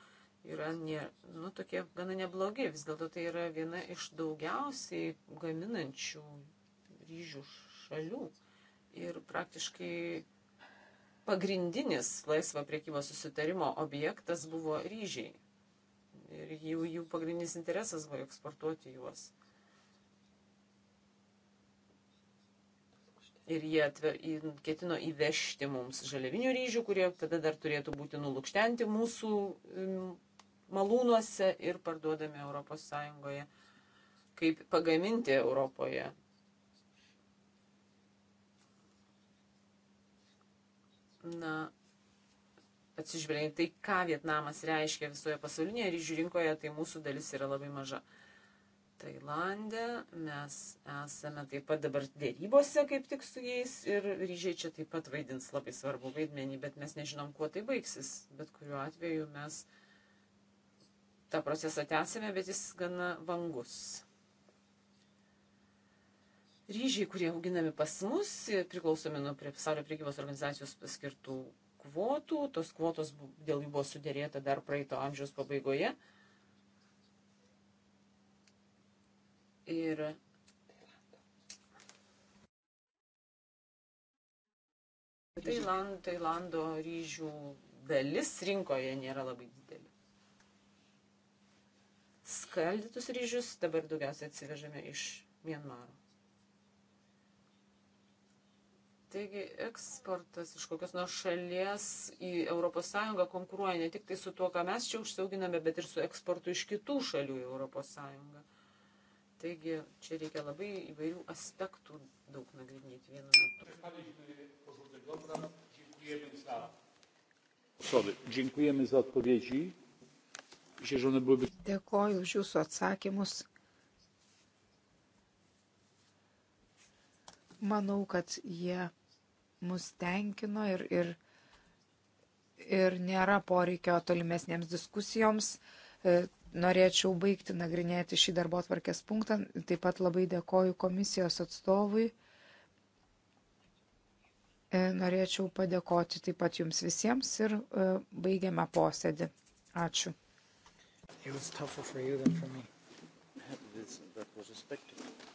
yra ne, nu, tokie gana neblogi. Vis dėlto tai yra viena iš daugiausiai gaminančių ryžių šalių. Ir praktiškai pagrindinis laisvo priekybos susitarimo objektas buvo ryžiai. Ir jų, jų pagrindinis interesas buvo eksportuoti juos. ir jie atver, į, ketino įvežti mums žaliavinių ryžių, kurie tada dar turėtų būti nulukštenti mūsų malūnuose ir parduodami ES, kaip pagaminti Europoje na, atsižvelgiant tai, ką Vietnamas reiškia visoje pasaulinėje ryžių rinkoje, tai mūsų dalis yra labai maža. Tailandė, mes esame taip pat dabar dėrybose kaip tik su jais ir ryžiai čia taip pat vaidins labai svarbu vaidmenį, bet mes nežinom, kuo tai baigsis. Bet kuriuo atveju mes tą procesą tęsime, bet jis gana vangus ryžiai, kurie auginami pas mus, priklausomi nuo pasaulio priekybos organizacijos skirtų kvotų. Tos kvotos dėl jų buvo sudėrėta dar praeito amžiaus pabaigoje. Ir Tailando, Tailando ryžių dalis rinkoje nėra labai didelė. Skaldytus ryžius dabar daugiausiai atsivežame iš Mienmaro. Taigi eksportas iš kokios nors šalies į ES konkuruoja ne tik tai su tuo, ką mes čia užsiauginame, bet ir su eksportu iš kitų šalių į ES. Taigi čia reikia labai įvairių aspektų daug nagrinėti vienu metu. Dėkoju už Jūsų atsakymus. Manau, kad jie mus tenkino ir, ir, ir nėra poreikio tolimesnėms diskusijoms. E, norėčiau baigti nagrinėti šį darbo atvarkės punktą. Taip pat labai dėkoju komisijos atstovui. E, norėčiau padėkoti taip pat jums visiems ir e, baigiame posėdį. Ačiū. It was tougher for you than for me. This, that was a spectacle.